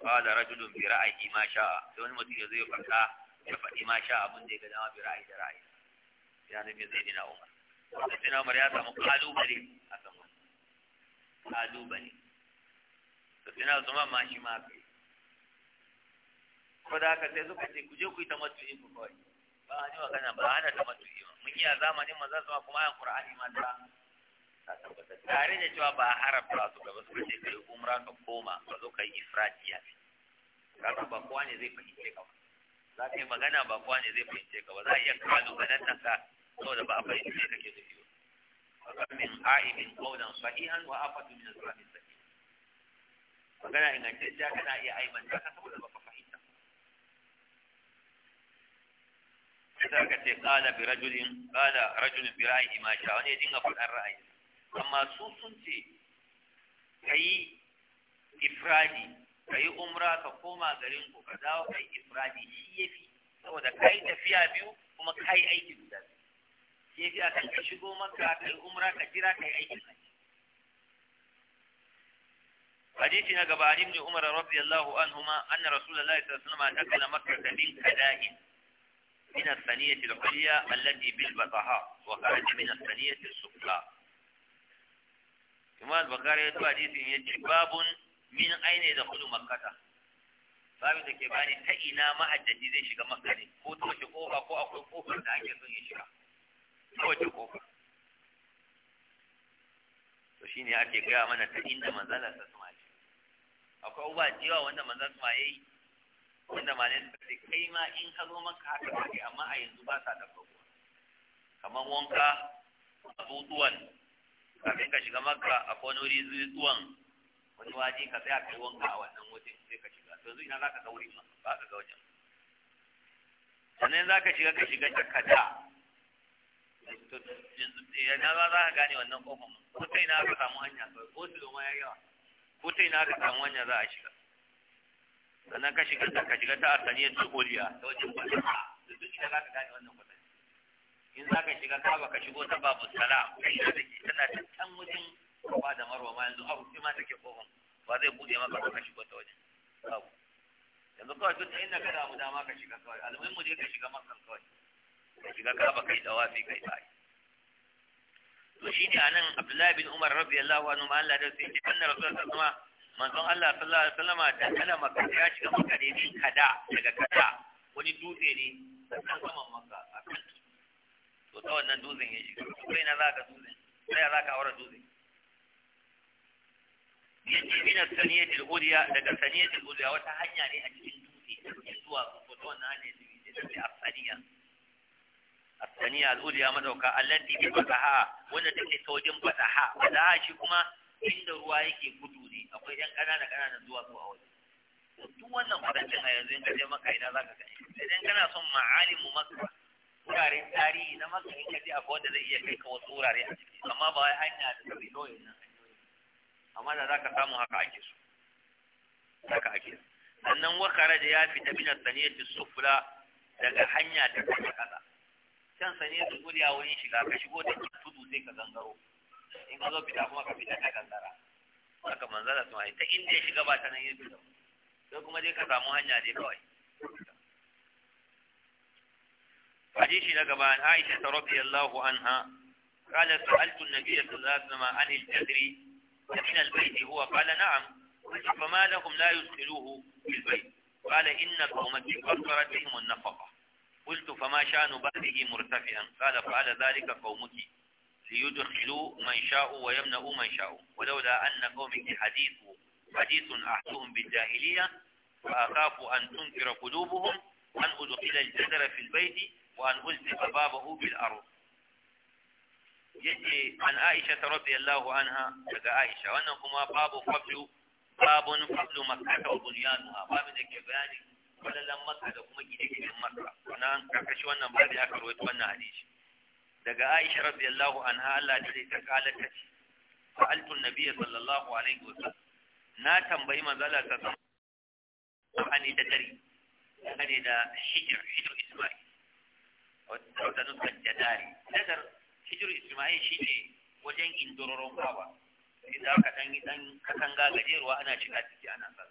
qala rajulun bi ra'yi ma sha'a sai wani mutum ya zai farka ya faɗi ma sha'a abin da ya ga dama bi ra'yi da ra'yi ya nabi zai dina umar sai na umar ya samu kalubale a kan wani kalubale sai na zuma ma shi ma kai ko da haka sai suka ce ku je ku yi ta tamattu'i ku kawai ba a ni magana ba a ta ana tamattu'i mun yi a zamanin maza kuma ayan qur'ani ma ta tare da cewa ba harafta su gaba suka ce kai umra ka koma ka zo kai ifradiya kaga ba kowa ne zai fahimce ka ba za ka yi magana ba kowa ne zai fahimce ka ba za a iya kalubalen nan nan ka saboda ba a fahimce ka ke Ba tafiyo min a'ibin qawlan sahihan wa afatu min al-kalam sahih magana ingantacciya kana iya aibanta ka saboda baka fahimta sai ka ce qala bi rajulin qala rajulun bi ra'yi ma sha wani ya dinga faɗan ra'ayi amma su sun ce ka yi ifradi ka yi umra ka koma garin ku ka dawo ka yi ifradi shi ya fi saboda ka yi tafiya biyu kuma ka yi aiki guda biyu shi ya fi a kan ka shigo maka ka yi umra ka jira ka yi aikin nan حديث نقب عن ابن عمر رضي الله عنهما أن رسول الله صلى الله عليه وسلم دخل مكة من كدائن من الثانية العليا التي بالبطحاء وخرج من الثانية السفلى imam bakari ya tuwa hadisin ya ce babun min aine da kudu makkata babu da ke bani ta ina ma'ajjaji zai shiga makka ne ko ta wace kofa ko akwai kofar da ake son ya shiga ta wace kofa to shine ake gaya mana ta inda manzala sa suma ce akwai uba jiwa wanda manzala suma yayi wanda malai suka kai kai ma in ka zo maka haka kake amma a yanzu ba sa da kofa kamar wanka abubuwan kafin ka shiga makka a wani wuri zuwan wani waje ka tsaya kai wanka a wannan wajen sai ka shiga to yanzu ina za ka ga wuri ma ba ka ga wajen sannan za ka shiga ka shiga jakata eh, na za za ka gane wannan kofar ko ta ina ka samu hanya ko su doma ya yawa ko ta ina samu hanya za a shiga sannan ka shiga ka shiga ta asaniyar tukuriya ta wajen ba, duk ina za ka gane wannan kwata in za ka shiga ba ka shigo ta babu sala kai da ke, tana ta can wajen ba da marwa ma yanzu abu ma take kofin ba zai ma maka ka shigo ta wajen babu yanzu kawai duk inda ka damu dama ka shiga kawai almuhim mu je ka shiga makan kawai ka shiga ka ba kai dawafi kai bai to shine anan Abdullahi bin Umar radiyallahu anhu ma Allah da sai ce annabi sallallahu alaihi manzon Allah sallallahu alaihi wasallam da kana maka ya shiga maka ne kada daga kada wani dutse ne sannan saman maka to ta wannan dutsen ya shiga kai na za ka dutsen sai za ka aure dutsen yace min saniyatil ulya daga saniyatil ulya wata hanya ne a cikin dutse zuwa ko ta wannan hanya ne da ta asaniya asaniya al-ulya madauka allati bi fataha wanda take saujin wanda fataha shi kuma inda ruwa yake gudu ne akwai yan kanana ƙananan zuwa zuwa waje duk wannan fadancin a yanzu in ka je maka ina za ka gani idan kana son ma'alimu maka wurare tarihi na maka in ka je akwai wanda zai iya kai ka wasu wurare a ciki amma ba wai hanya da tabi doyin nan amma da za ka samu haka ake su haka ake so sannan wakara da ya fi fita saniyar saniyati sufla daga hanya ta kasa kasa can saniyati a wurin shiga ka shigo da tudu sai ka gangaro in ka zo fita kuma ka fita ta gangara haka manzala sun ta inda ya shiga ba ta nan yin fita sai kuma dai ka samu hanya dai kawai حديث نقب عن عائشة رضي الله عنها قال سألت النبي صلى الله عليه وسلم عن الجدر من البيت هو قال نعم قلت فما لهم لا يدخلوه في البيت قال إن قومك قصرت بهم النفقة قلت فما شان بابه مرتفعا قال فعل ذلك قومك ليدخلوا من شاء ويمنعوا من شاء ولولا أن قومك حديث حديث أحدهم بالجاهلية فأخاف أن تنكر قلوبهم أن أدخل الجدر في البيت wa an uzzifa babahu bil aro yace an aisha ta radiyallahu anha daga aisha wannan kuma babu fablu babun fablu makkata wa bunyanuha babin da ke bayanin falalan makka da kuma gine-ginen makka wannan karkashi wannan babi aka wannan hadisi daga aisha radiyallahu anha Allah ta ta kala ta ce sa'altu an-nabiy sallallahu alaihi wasallam na tambayi manzala ta da isma'il wata nuskan jadari nadar hijiru ismail shi ne wajen indororon kawa inda aka dan dan katanga gajeruwa ana shiga ciki ana sa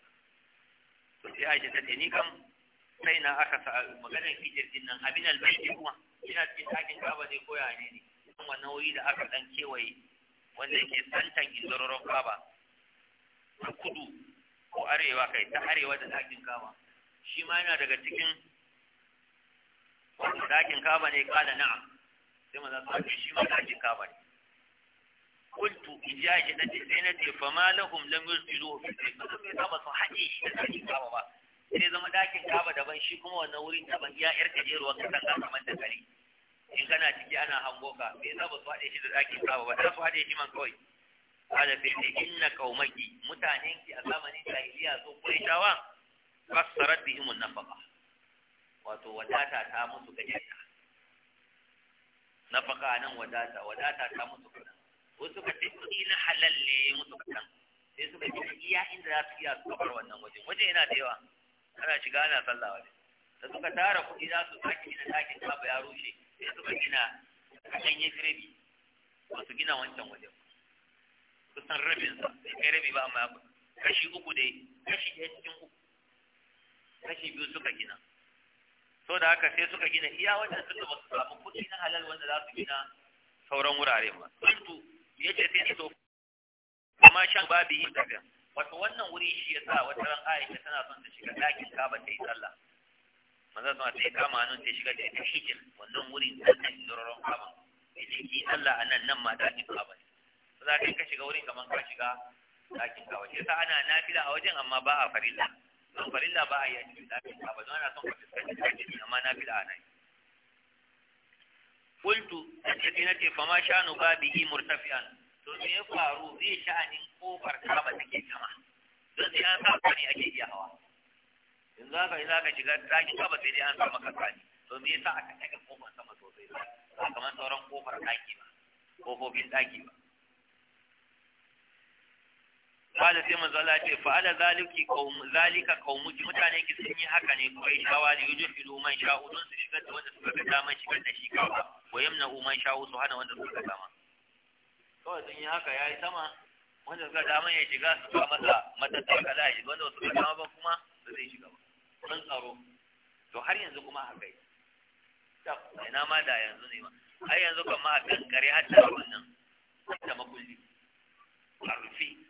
to sai aje ta ni kam sai na aka sa maganar hijir din nan abin albayti kuma ina cikin ɗakin kaba ne ko ya ne ne wannan nauyi da aka dan kewaye wanda yake santan indororon kaba ta kudu ko arewa kai ta arewa da ɗakin kaba shi ma yana daga cikin wato dakin kaba ne kala na'am sai manzon sa shi ma dakin kaba ne kuntu ijaji na ce sai na ce fa ma lahum lam yusbilu fi sai me ta ba su shi da dakin kaba ba sai zama dakin kaba daban shi kuma wannan wurin daban ya yar ka kasan ka kamar da kare in kana ciki ana hango ka Sai za ba su haɗe shi da dakin kaba ba za su haɗe shi man kawai ala fi inna qaumaki mutanenki a zamanin jahiliya su kurai tawa fasarat bihim an-nafaqa wato wadata ta musu na nafaka nan wadata wadata ta musu kadan wasu suka ce kuɗi na halalle ne musu sai suka ce iya inda za su iya su kafar wannan wajen wajen yana da yawa ana shiga ana sallah waje da suka tara kuɗi za su sake gina ɗakin kafa ya rushe sai suka gina yi rabi ba su gina wancan wajen kusan sa, sai kai rabi ba amma ya kashi uku dai kashi ɗaya cikin uku kashi biyu suka gina so da haka sai suka gina iya wajen sun da su samu kuɗi na halal wanda za su gina sauran wurare ba kuntu ya ce sai to amma shan babu yi daga wato wannan wuri shi ya sa wata ran aisha tana son ta shiga ɗakin kaba ta yi sallah maza sama ta yi kama nan ta shiga ta shikin wannan wurin wannan zororon kama. ya ce ki sallah a nan nan ma ɗakin kaba ne za ka shiga wurin kamar ka shiga ɗakin kaba shi sa ana nafila a wajen amma ba a farilla don farilla ba a yi a cikin ɗakin ba zama na son ka fuskanci ɗakin ne amma na fi da nan kultu sai na ce fama shanu ba bihi murtafi'an to me ya faru zai sha'anin kofar ta ke sama don sai an sa ne ake iya hawa ka yi za ka shiga ɗakin kaba sai dai an sa kasa tsani to me sa aka ɗaga kofar sama sosai ba kamar sauran kofar ɗaki ba kofofin ɗaki ba قال ce fa ala zaliki قوم zalika قومك mutane ki sun yi haka ne kai shawa da yujhidu man sha'u don su shiga da wanda suka ga dama shigar da shi kawa wa yamna'u man sha'u su hana wanda suka ga dama kawai sun yi haka yayi sama wanda suka dama ya shiga su ba masa ta kala shi wanda suka dama ba kuma ba zai shiga ba sun tsaro to har yanzu kuma haka yi ina ma da yanzu ne ma har yanzu kan ma a kankare har da wannan da makulli a rufe.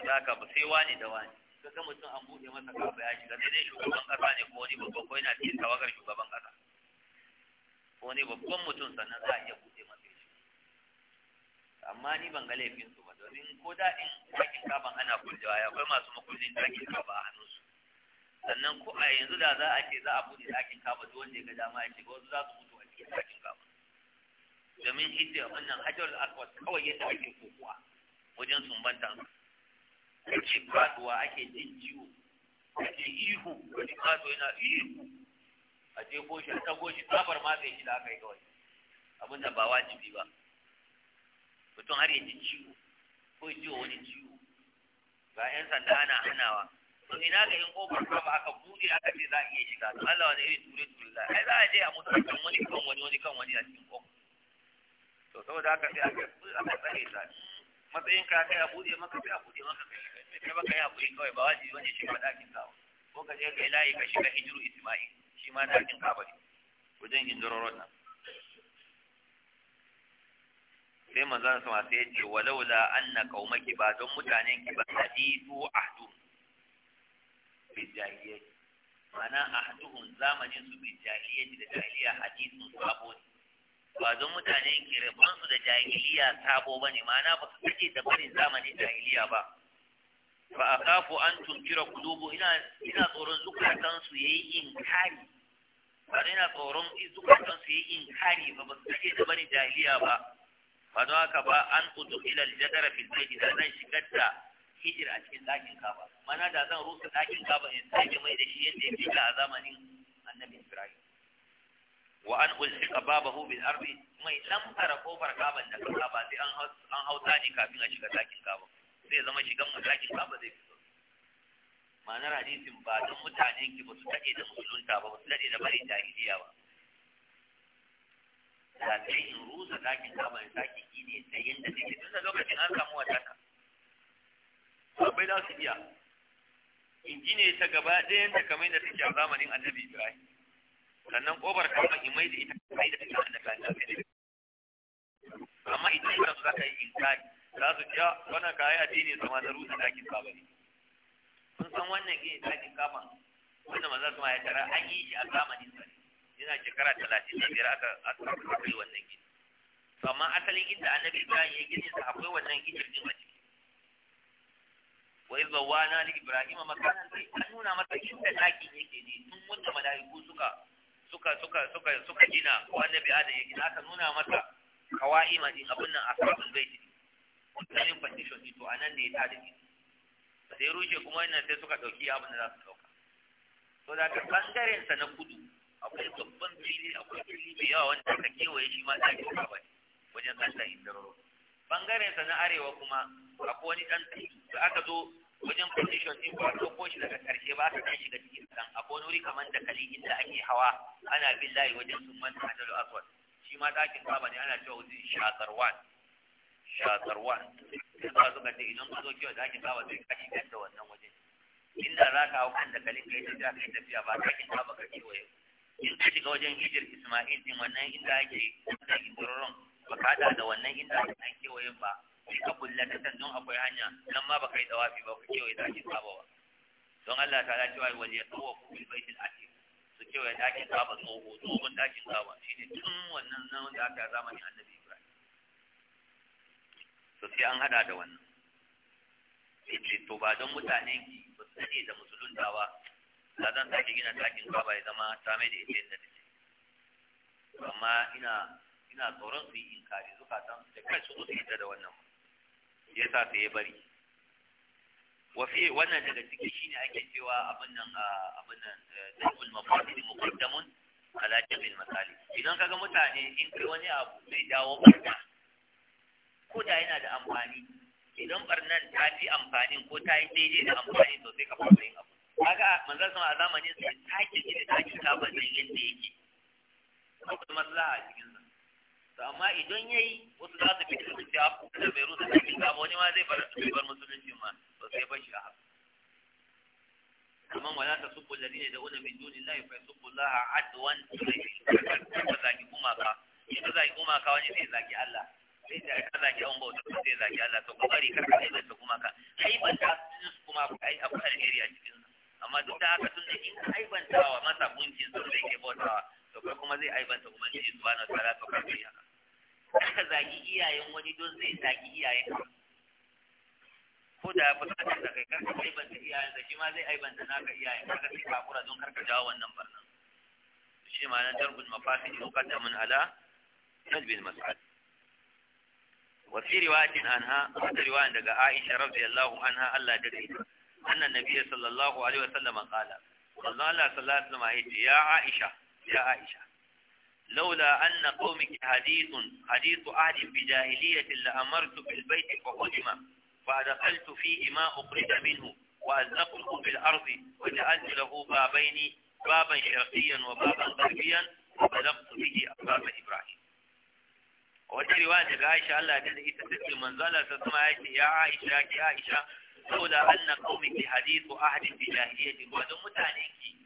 za ka ba sai wani da wani ga mutum an buɗe masa kafa ya shiga sai dai shugaban ƙasa ne ko wani babban ko yana cikin tawagar shugaban ƙasa ko wani babban mutum sannan za a iya buɗe masa shiga amma ni ban ga laifin su ba domin ko da in ɗakin kafan ana kullewa ya akwai masu makullin ɗakin kafa a hannunsu sannan ko a yanzu da za a ce za a buɗe ɗakin kafa duk wanda ya ga dama ya shiga wasu za su mutu a cikin ɗakin kafa domin hijja wannan hajjar al'aswad kawai yadda ake kokuwa wajen sumbantansa ake faduwa ake jin ciwo ihu yana ihu a je goshi a ta goshi ma bai da aka yi kawai abin da ba wajibi ba mutum har ya ji ciwo ko ya wani ciwo ga 'yan sanda ana hanawa to ina ga in kofar ba aka buɗe aka ce za a iya shiga to Allah wani irin ture ture za a je a mutu kan wani kan wani wani kan wani a cikin kofar to saboda haka sai aka aka tsare matsayin ka kai a buɗe maka sai a buɗe maka kai sai kai baka yi hakuri kawai ba wajibi wani shiga ɗakin kawo ko ka je kai layi ka shiga hijiru isma'il shi ma ɗakin kaba ne wajen hijiroron nan sai manzon sama sai ya ce walaula anna qaumaki ba don mutanen ki ba hadithu ahdu bi jahiliyyah ma'ana ahduhum zamanin su bi jahiliyyah da jahiliya hadithun sabo ne ba don mutane ke rabansu da jahiliya sabo ba ne ma'ana ba su kake da barin zamanin jahiliya ba fa akafu an tunkira kulubu ina ina tsoron zukatan su yayi inkari ba ina tsoron zukatan su yayi inkari ba ba su kake da barin jahiliya ba ba don haka ba an kudu ila aljadara fil baiti da zan shigar da hijira a cikin ɗakin kaba mana da zan rusa ɗakin kaba in sake mai da shi yadda ya fita a zamanin annabi Ibrahim wa an ulhika babahu bil ardi mai lambara kofar kaban da kasa ba sai an hauta ne kafin a shiga takin kaban zai zama shigan mu takin kaba zai fito ma'anar hadisin ba don mutanen ki ba su daɗe da musulunta ba ba su daɗe da bari jahiliya ba da sai in rusa takin kaban sake gine da yadda take tun da lokacin an samu ka. abai da su iya in gine ta gaba ɗayan ta kamar yadda take a zamanin annabi ibrahim sannan ƙofar kama imai da ita kai da ita na kayan lafiya amma idan ka za ka yi inkari za su ja wannan kayan addini zama da rusa dakin kaba ne sun san wannan gini dakin kama, wannan maza su ya tara an yi shi a zamanin sa yana shekara talatin da biyar aka aka kai wannan gini to amma asalin inda annabi ibrahim ya gini sa akwai wannan hijir din a ciki wa iz bawana li ibrahim makanan sai an nuna masa inda dakin yake ne tun wanda malaiku suka suka suka suka suka gina ko annabi adam ya gina aka nuna masa kawaima din abin nan a cikin baiti wannan partition din to anan ne ta dace sai rushe kuma ina sai suka dauki abun da za su dauka to da kan bangaren sa na kudu akwai babban fili akwai fili da yawa wanda aka kewaye shi ma ɗakin kaba ne wajen sanda indaro bangaren sa na arewa kuma akwai wani dan tudu da aka zo wajen position din ba to ko shi daga karshe ba ka tashi shiga cikin san akwai wuri kamar da kali inda ake hawa ana billahi wajen summan hadalu aswad shi ma dakin kaba ne ana cewa wajen shakarwan shakarwan sai suka ce idan ka zo kiwa dakin kaba zai kashi kan da wannan wajen inda za ka hau kan da kali kai ta kai tafiya ba dakin kaba ka kewaye in ka shiga wajen hijir isma'il din wannan inda ake da indororon ba ka da wannan inda ake kewayen ba ka bulla ta kan don akwai hanya nan ma baka yi dawafi ba ku kewaye dakin kaba ba don Allah ta ala cewa wal yatawafu bil baitil atiq su kewaye dakin saba tsoho tsohon dakin kaba shine tun wannan nan da aka zamanin annabi Ibrahim to sai an hada da wannan ce to ba don mutanen ki ba su sani da musulunta ba za zan sake gina dakin kaba ya zama ta mai da ita yadda ta ce amma ina ina tsoron su yi inkari zukatan su da kai su su yadda da wannan ba ya sa ta ya bari
wafi wannan daga
ciki shine ake cewa abin nan abin nan eh, dalil mafasid muqaddamun ala jami'il masali idan kaga mutane in kai wani abu zai dawo barna ko da yana da amfani idan barnan ta fi amfanin ko ta yi daidai da amfanin to sai ka fara yin abu kaga manzon sama a zamanin sai ta kirki da ta kirka bazan yadda yake akwai maslaha a cikin to amma idan yayi wasu za su fita su ko da bai rusa da ba wani ma zai bar bar musulunci ma to sai bashi a haka kaman wala ta subbu alladhina yad'una min dunillahi fa yasubbu allaha adwan fa zaki kuma ka in zaki kuma ka wani sai zaki Allah sai da ka zaki an bauta sai zaki Allah to ka bari ka sai ta kuma ka ta su kuma ai akwai alheri a cikin amma duk da haka tun da in tawa masa gunkin sun da yake bautawa to kai kuma zai aibanta ubangiji subhanahu wa ta'ala to kai haka ka zagi iyayen wani don zai zagi iyayen ko da bukatar da kai karka aibanta iyayen da shi ma zai da naka iyayen kaga sai ka kura don karka jawo wannan barnan shi ma nan darbul mafasid muqaddamun ala salbil mas'al wa fi riwayatin anha wata riwayan daga Aisha radiyallahu anha Allah da ita annan nabiyyi sallallahu alaihi wasallam qala Allah sallallahu alaihi wasallam ya Aisha ya Aisha لولا أن قومك حديث حديث أهل بجاهلية لأمرت بالبيت فهدم فأدخلت فيه ما أخرج منه وأزقته بالأرض وجعلت له بابين بابا شرقيا وبابا غربيا وبلغت به أبواب إبراهيم وفي رواية عائشة الله تعالى ta من ظل take يا عائشة يا عائشة لولا أن قومك حديث أهل بجاهلية anna qaumiki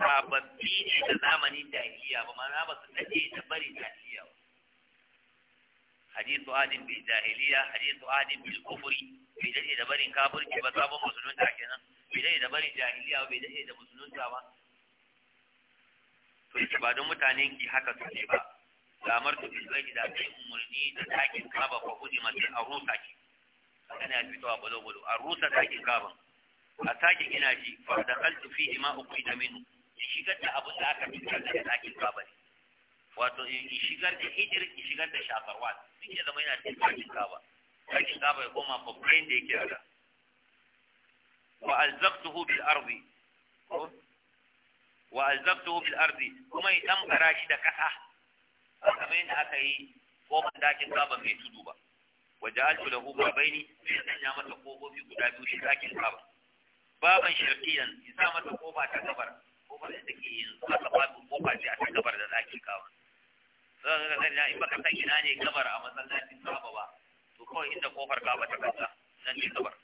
sababbi ne da zamanin jahiliya ba ma ba su dace da bari jahiliya ba hadithu adin bil jahiliya hadithu adin bil kufri bai dace da barin kafirci ba sabon musulunta kenan bai dace da barin jahiliya ba bai dace da musulunta ba to yace ba don mutanen ki haka su ne ba lamar tu bil gadi da kai umurni da takin kaba ko kudi mace a rusa ki kana ya fitowa balo balo a rusa takin kaba a takin ina shi fa da kaltu fihi ma uqida minhu in shigar da abin da aka fitar daga ɗakin kaba ne wato in shigar da hijir in shigar da shafarwa duk ya zama yana cikin ɗakin kaba ɗakin kaba ya koma babban da yake da wa alzaqtuhu bil ardi wa alzaqtuhu bil ardi kuma in tambara shi da kasa kamar yadda aka yi ko ban ɗakin kaba mai tudu ba mata, له بابين guda biyu, shi في قدابه Baban shirkiyan بابا mata kofa ta gabar. kuma da take yanzu a tsababin kofa ce a ta gabar da ɗakin kawai sai ka sani na in baka san ina ne gabar a masallacin saba ba to kawai inda kofar kaba ta kasa nan ne gabar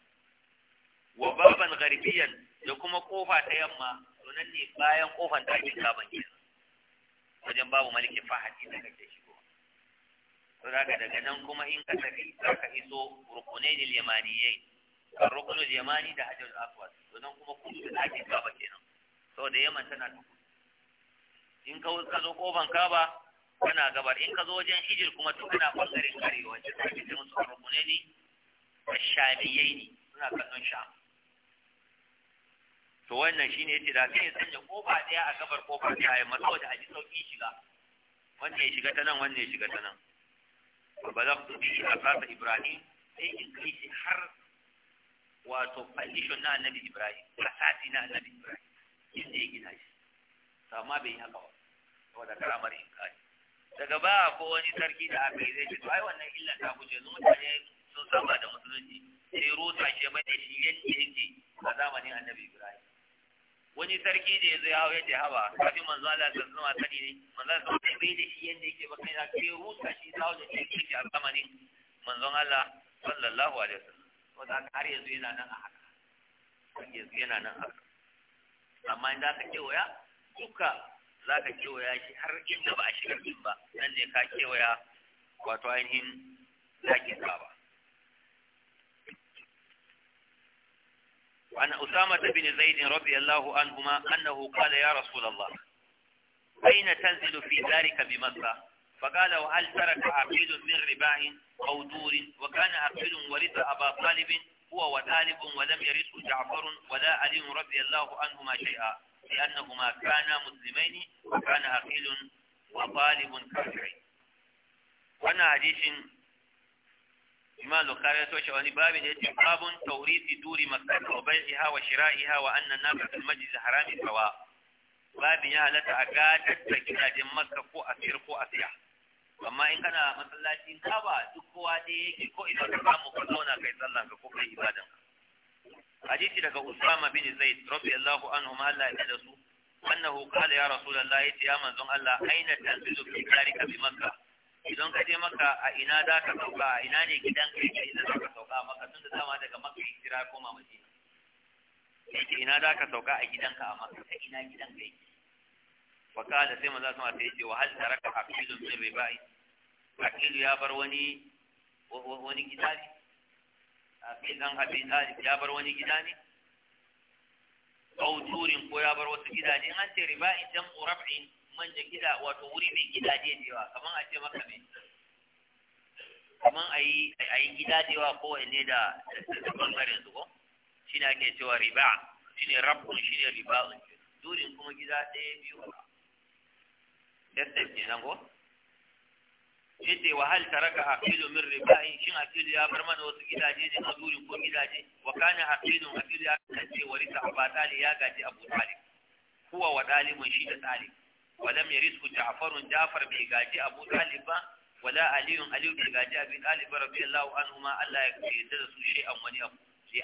wa baban garbiyan da kuma kofa ta yamma to nan ne bayan kofar ɗakin kaban kenan wajen babu malikin fahadi da kake shigo saboda daga nan kuma in ka tafi za ka iso rukunai lil yamaniyai rukunu yamani da hajjal aswad to nan kuma kudu da ake gaba kenan saboda yaman tana ta in ka zo kofan kaba kana gabar in ka zo wajen hijir kuma to kana bangaren arewa ce ta ce musu arabune ne da shamiyai ne suna kallon sham to wannan shine yace da sai ya sanya kofa daya a gabar kofa ta yayin maso da aji sauki shiga wannan ya shiga ta nan wannan ya shiga ta nan balagtu bi asasa ibrahim sai in kai shi har wato foundation na annabi ibrahim asasi na annabi ibrahim inda ya gina shi to amma bai yi haka ba saboda karamar inkari daga ba ko wani sarki da aka yi zai ce to ai wannan illa ta kuce zuwa mutane sun saba da musulunci sai rusa shi mai shi yadda yake a zamanin annabi ibrahim wani sarki da ya zo ya hau yadda haba kafin manzo Allah ta zama sani ne manzo Allah ta bai da shi yadda yake ba kai da sai rusa shi zawo da shi a zamanin manzon Allah sallallahu alaihi wasallam wanda har yanzu yana nan a haka har yanzu yana nan a haka amma in za ka kewaya duka za ka kewaya shi har inda ba a shigar din ba nan ne ka kewaya wato ainihin ɗakin ba. وعن أسامة بن زيد رضي الله عنهما أنه قال يا رسول الله أين تنزل في ذلك بمكة فقال وهل ترك عقيل من رباع أو دور وكان عقيل ورث أبا طالب هو وطالب ولم يرثه جعفر ولا علي رضي الله عنهما شيئا لأنهما كانا مسلمين وكان عقيل وطالب كافر وانا حديث إمام البخاري توشى وأن باب باب توريث دور مكة وبيعها وشرائها وأن الناس في المجلس الحرام سواء باب يهلت أكادت تجد مكة فوق أسير فوق أسيح amma in kana masallacin kaba duk kowa da yake ko ina ka samu ka zauna kai sallah ka ko kai ibada hadisi daga Usama bin Zaid radiyallahu anhu ma Allah ya dasu annahu qala ya rasulullah ya ya manzon Allah aina tanzilu fi darika bi makka idan ka je makka a ina za ka sauka a ina ne gidan kai kai da ka sauka maka tun da dama daga makka hijira koma madina ina za ka sauka a gidanka a makka ina gidan kai fakala sai maza sama ta yace wa hal taraka aqilun min ribai aqilu ya bar wani wani gida ne aqil dan abi talib ya bar wani gida ne Turin ko ya bar wasu gidaje an ce ribai dan rab'in manya gida wato wuri mai gidaje da yawa kaman a ce maka mai kaman a yi gida da yawa kowanne da bangaren su ko shi ne ake cewa riba shi ne rabun shi ne riba'un Turin kuma gida ɗaya biyu yadda nan ko yace wa hal taraka Hafidu min ribahi shin Hafidu ya bar mana wasu gidaje ne a durin ko gidaje wa kana haqilu haqilu ya kace warisa ba tsali ya gaji abu talib kuwa wa dalibun shi da talib wa lam yarisku ja'farun ja'far bai gaji abu talib ba wala aliyun aliyu bai gaji abu talib radiyallahu ma Allah ya yarda da su an wani abu li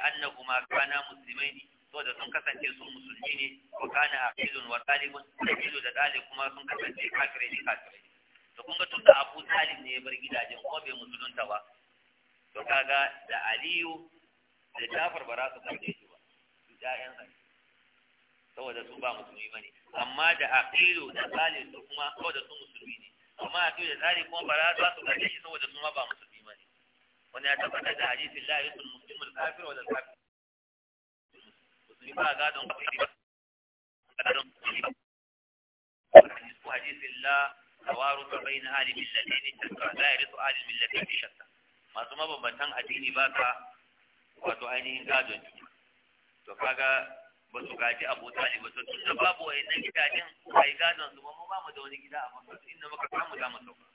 ma kana muslimaini saboda sun kasance su musulmi ne wa kana aqilun wa talibun aqilu da talib kuma sun kasance kafire ne kafire ne to kun ga tun da Abu Talib ne ya bar gidajen kuma bai musulunta ba to kaga da Aliyu da Jafar ba za su kalle shi ba su yan sa saboda su ba musulmi bane amma da aqilu da talib su kuma saboda su musulmi ne amma aqilu da talib kuma ba za su kalle shi saboda su ma ba musulmi bane wani ya tabbatar da hadisin la yusul muslimul kafir wa al kafir musulmi ba gadon kuɗi ba gadon kuɗi ba ko hadisin la tawaru ta bayin ahli millatayn shatta la yarisu ahli millatayn shatta masu mabambantan addini ba ka wato ainihin gadon to kaga ba su gaji abu talib ba to tun da babu wayannan gidajen ai gadon su ba mu da wani gida a makasu inda muka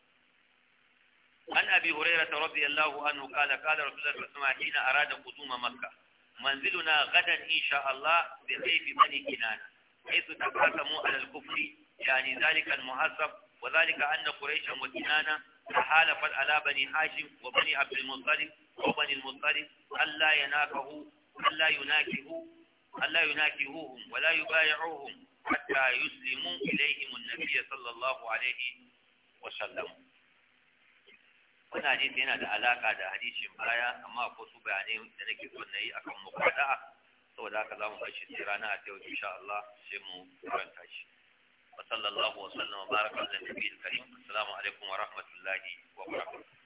عن أبي هريرة رضي الله عنه قال قال رسول الله صلى الله عليه وسلم حين أراد قدوم مكة منزلنا غدا إن شاء الله بسيف بني كنانة حيث تقاسموا على الكفر يعني ذلك المحسب وذلك أن قريشا وكنانة تحالفت على بني هاشم وبني عبد المطلب وبني المطلب ألا يناكه ألا يناكه ألا يناكهوهم ولا يبايعوهم حتى يسلموا إليهم النبي صلى الله عليه وسلم wani hadisi yana da alaka da hadisin baya amma ko su bayanai da nake son na yi a kan mukwada saboda haka za mu bar shi sai rana a yau insha Allah sai mu karanta shi wa sallallahu wa sallama baraka ala nabiyil karim assalamu alaikum wa rahmatullahi wa barakatuh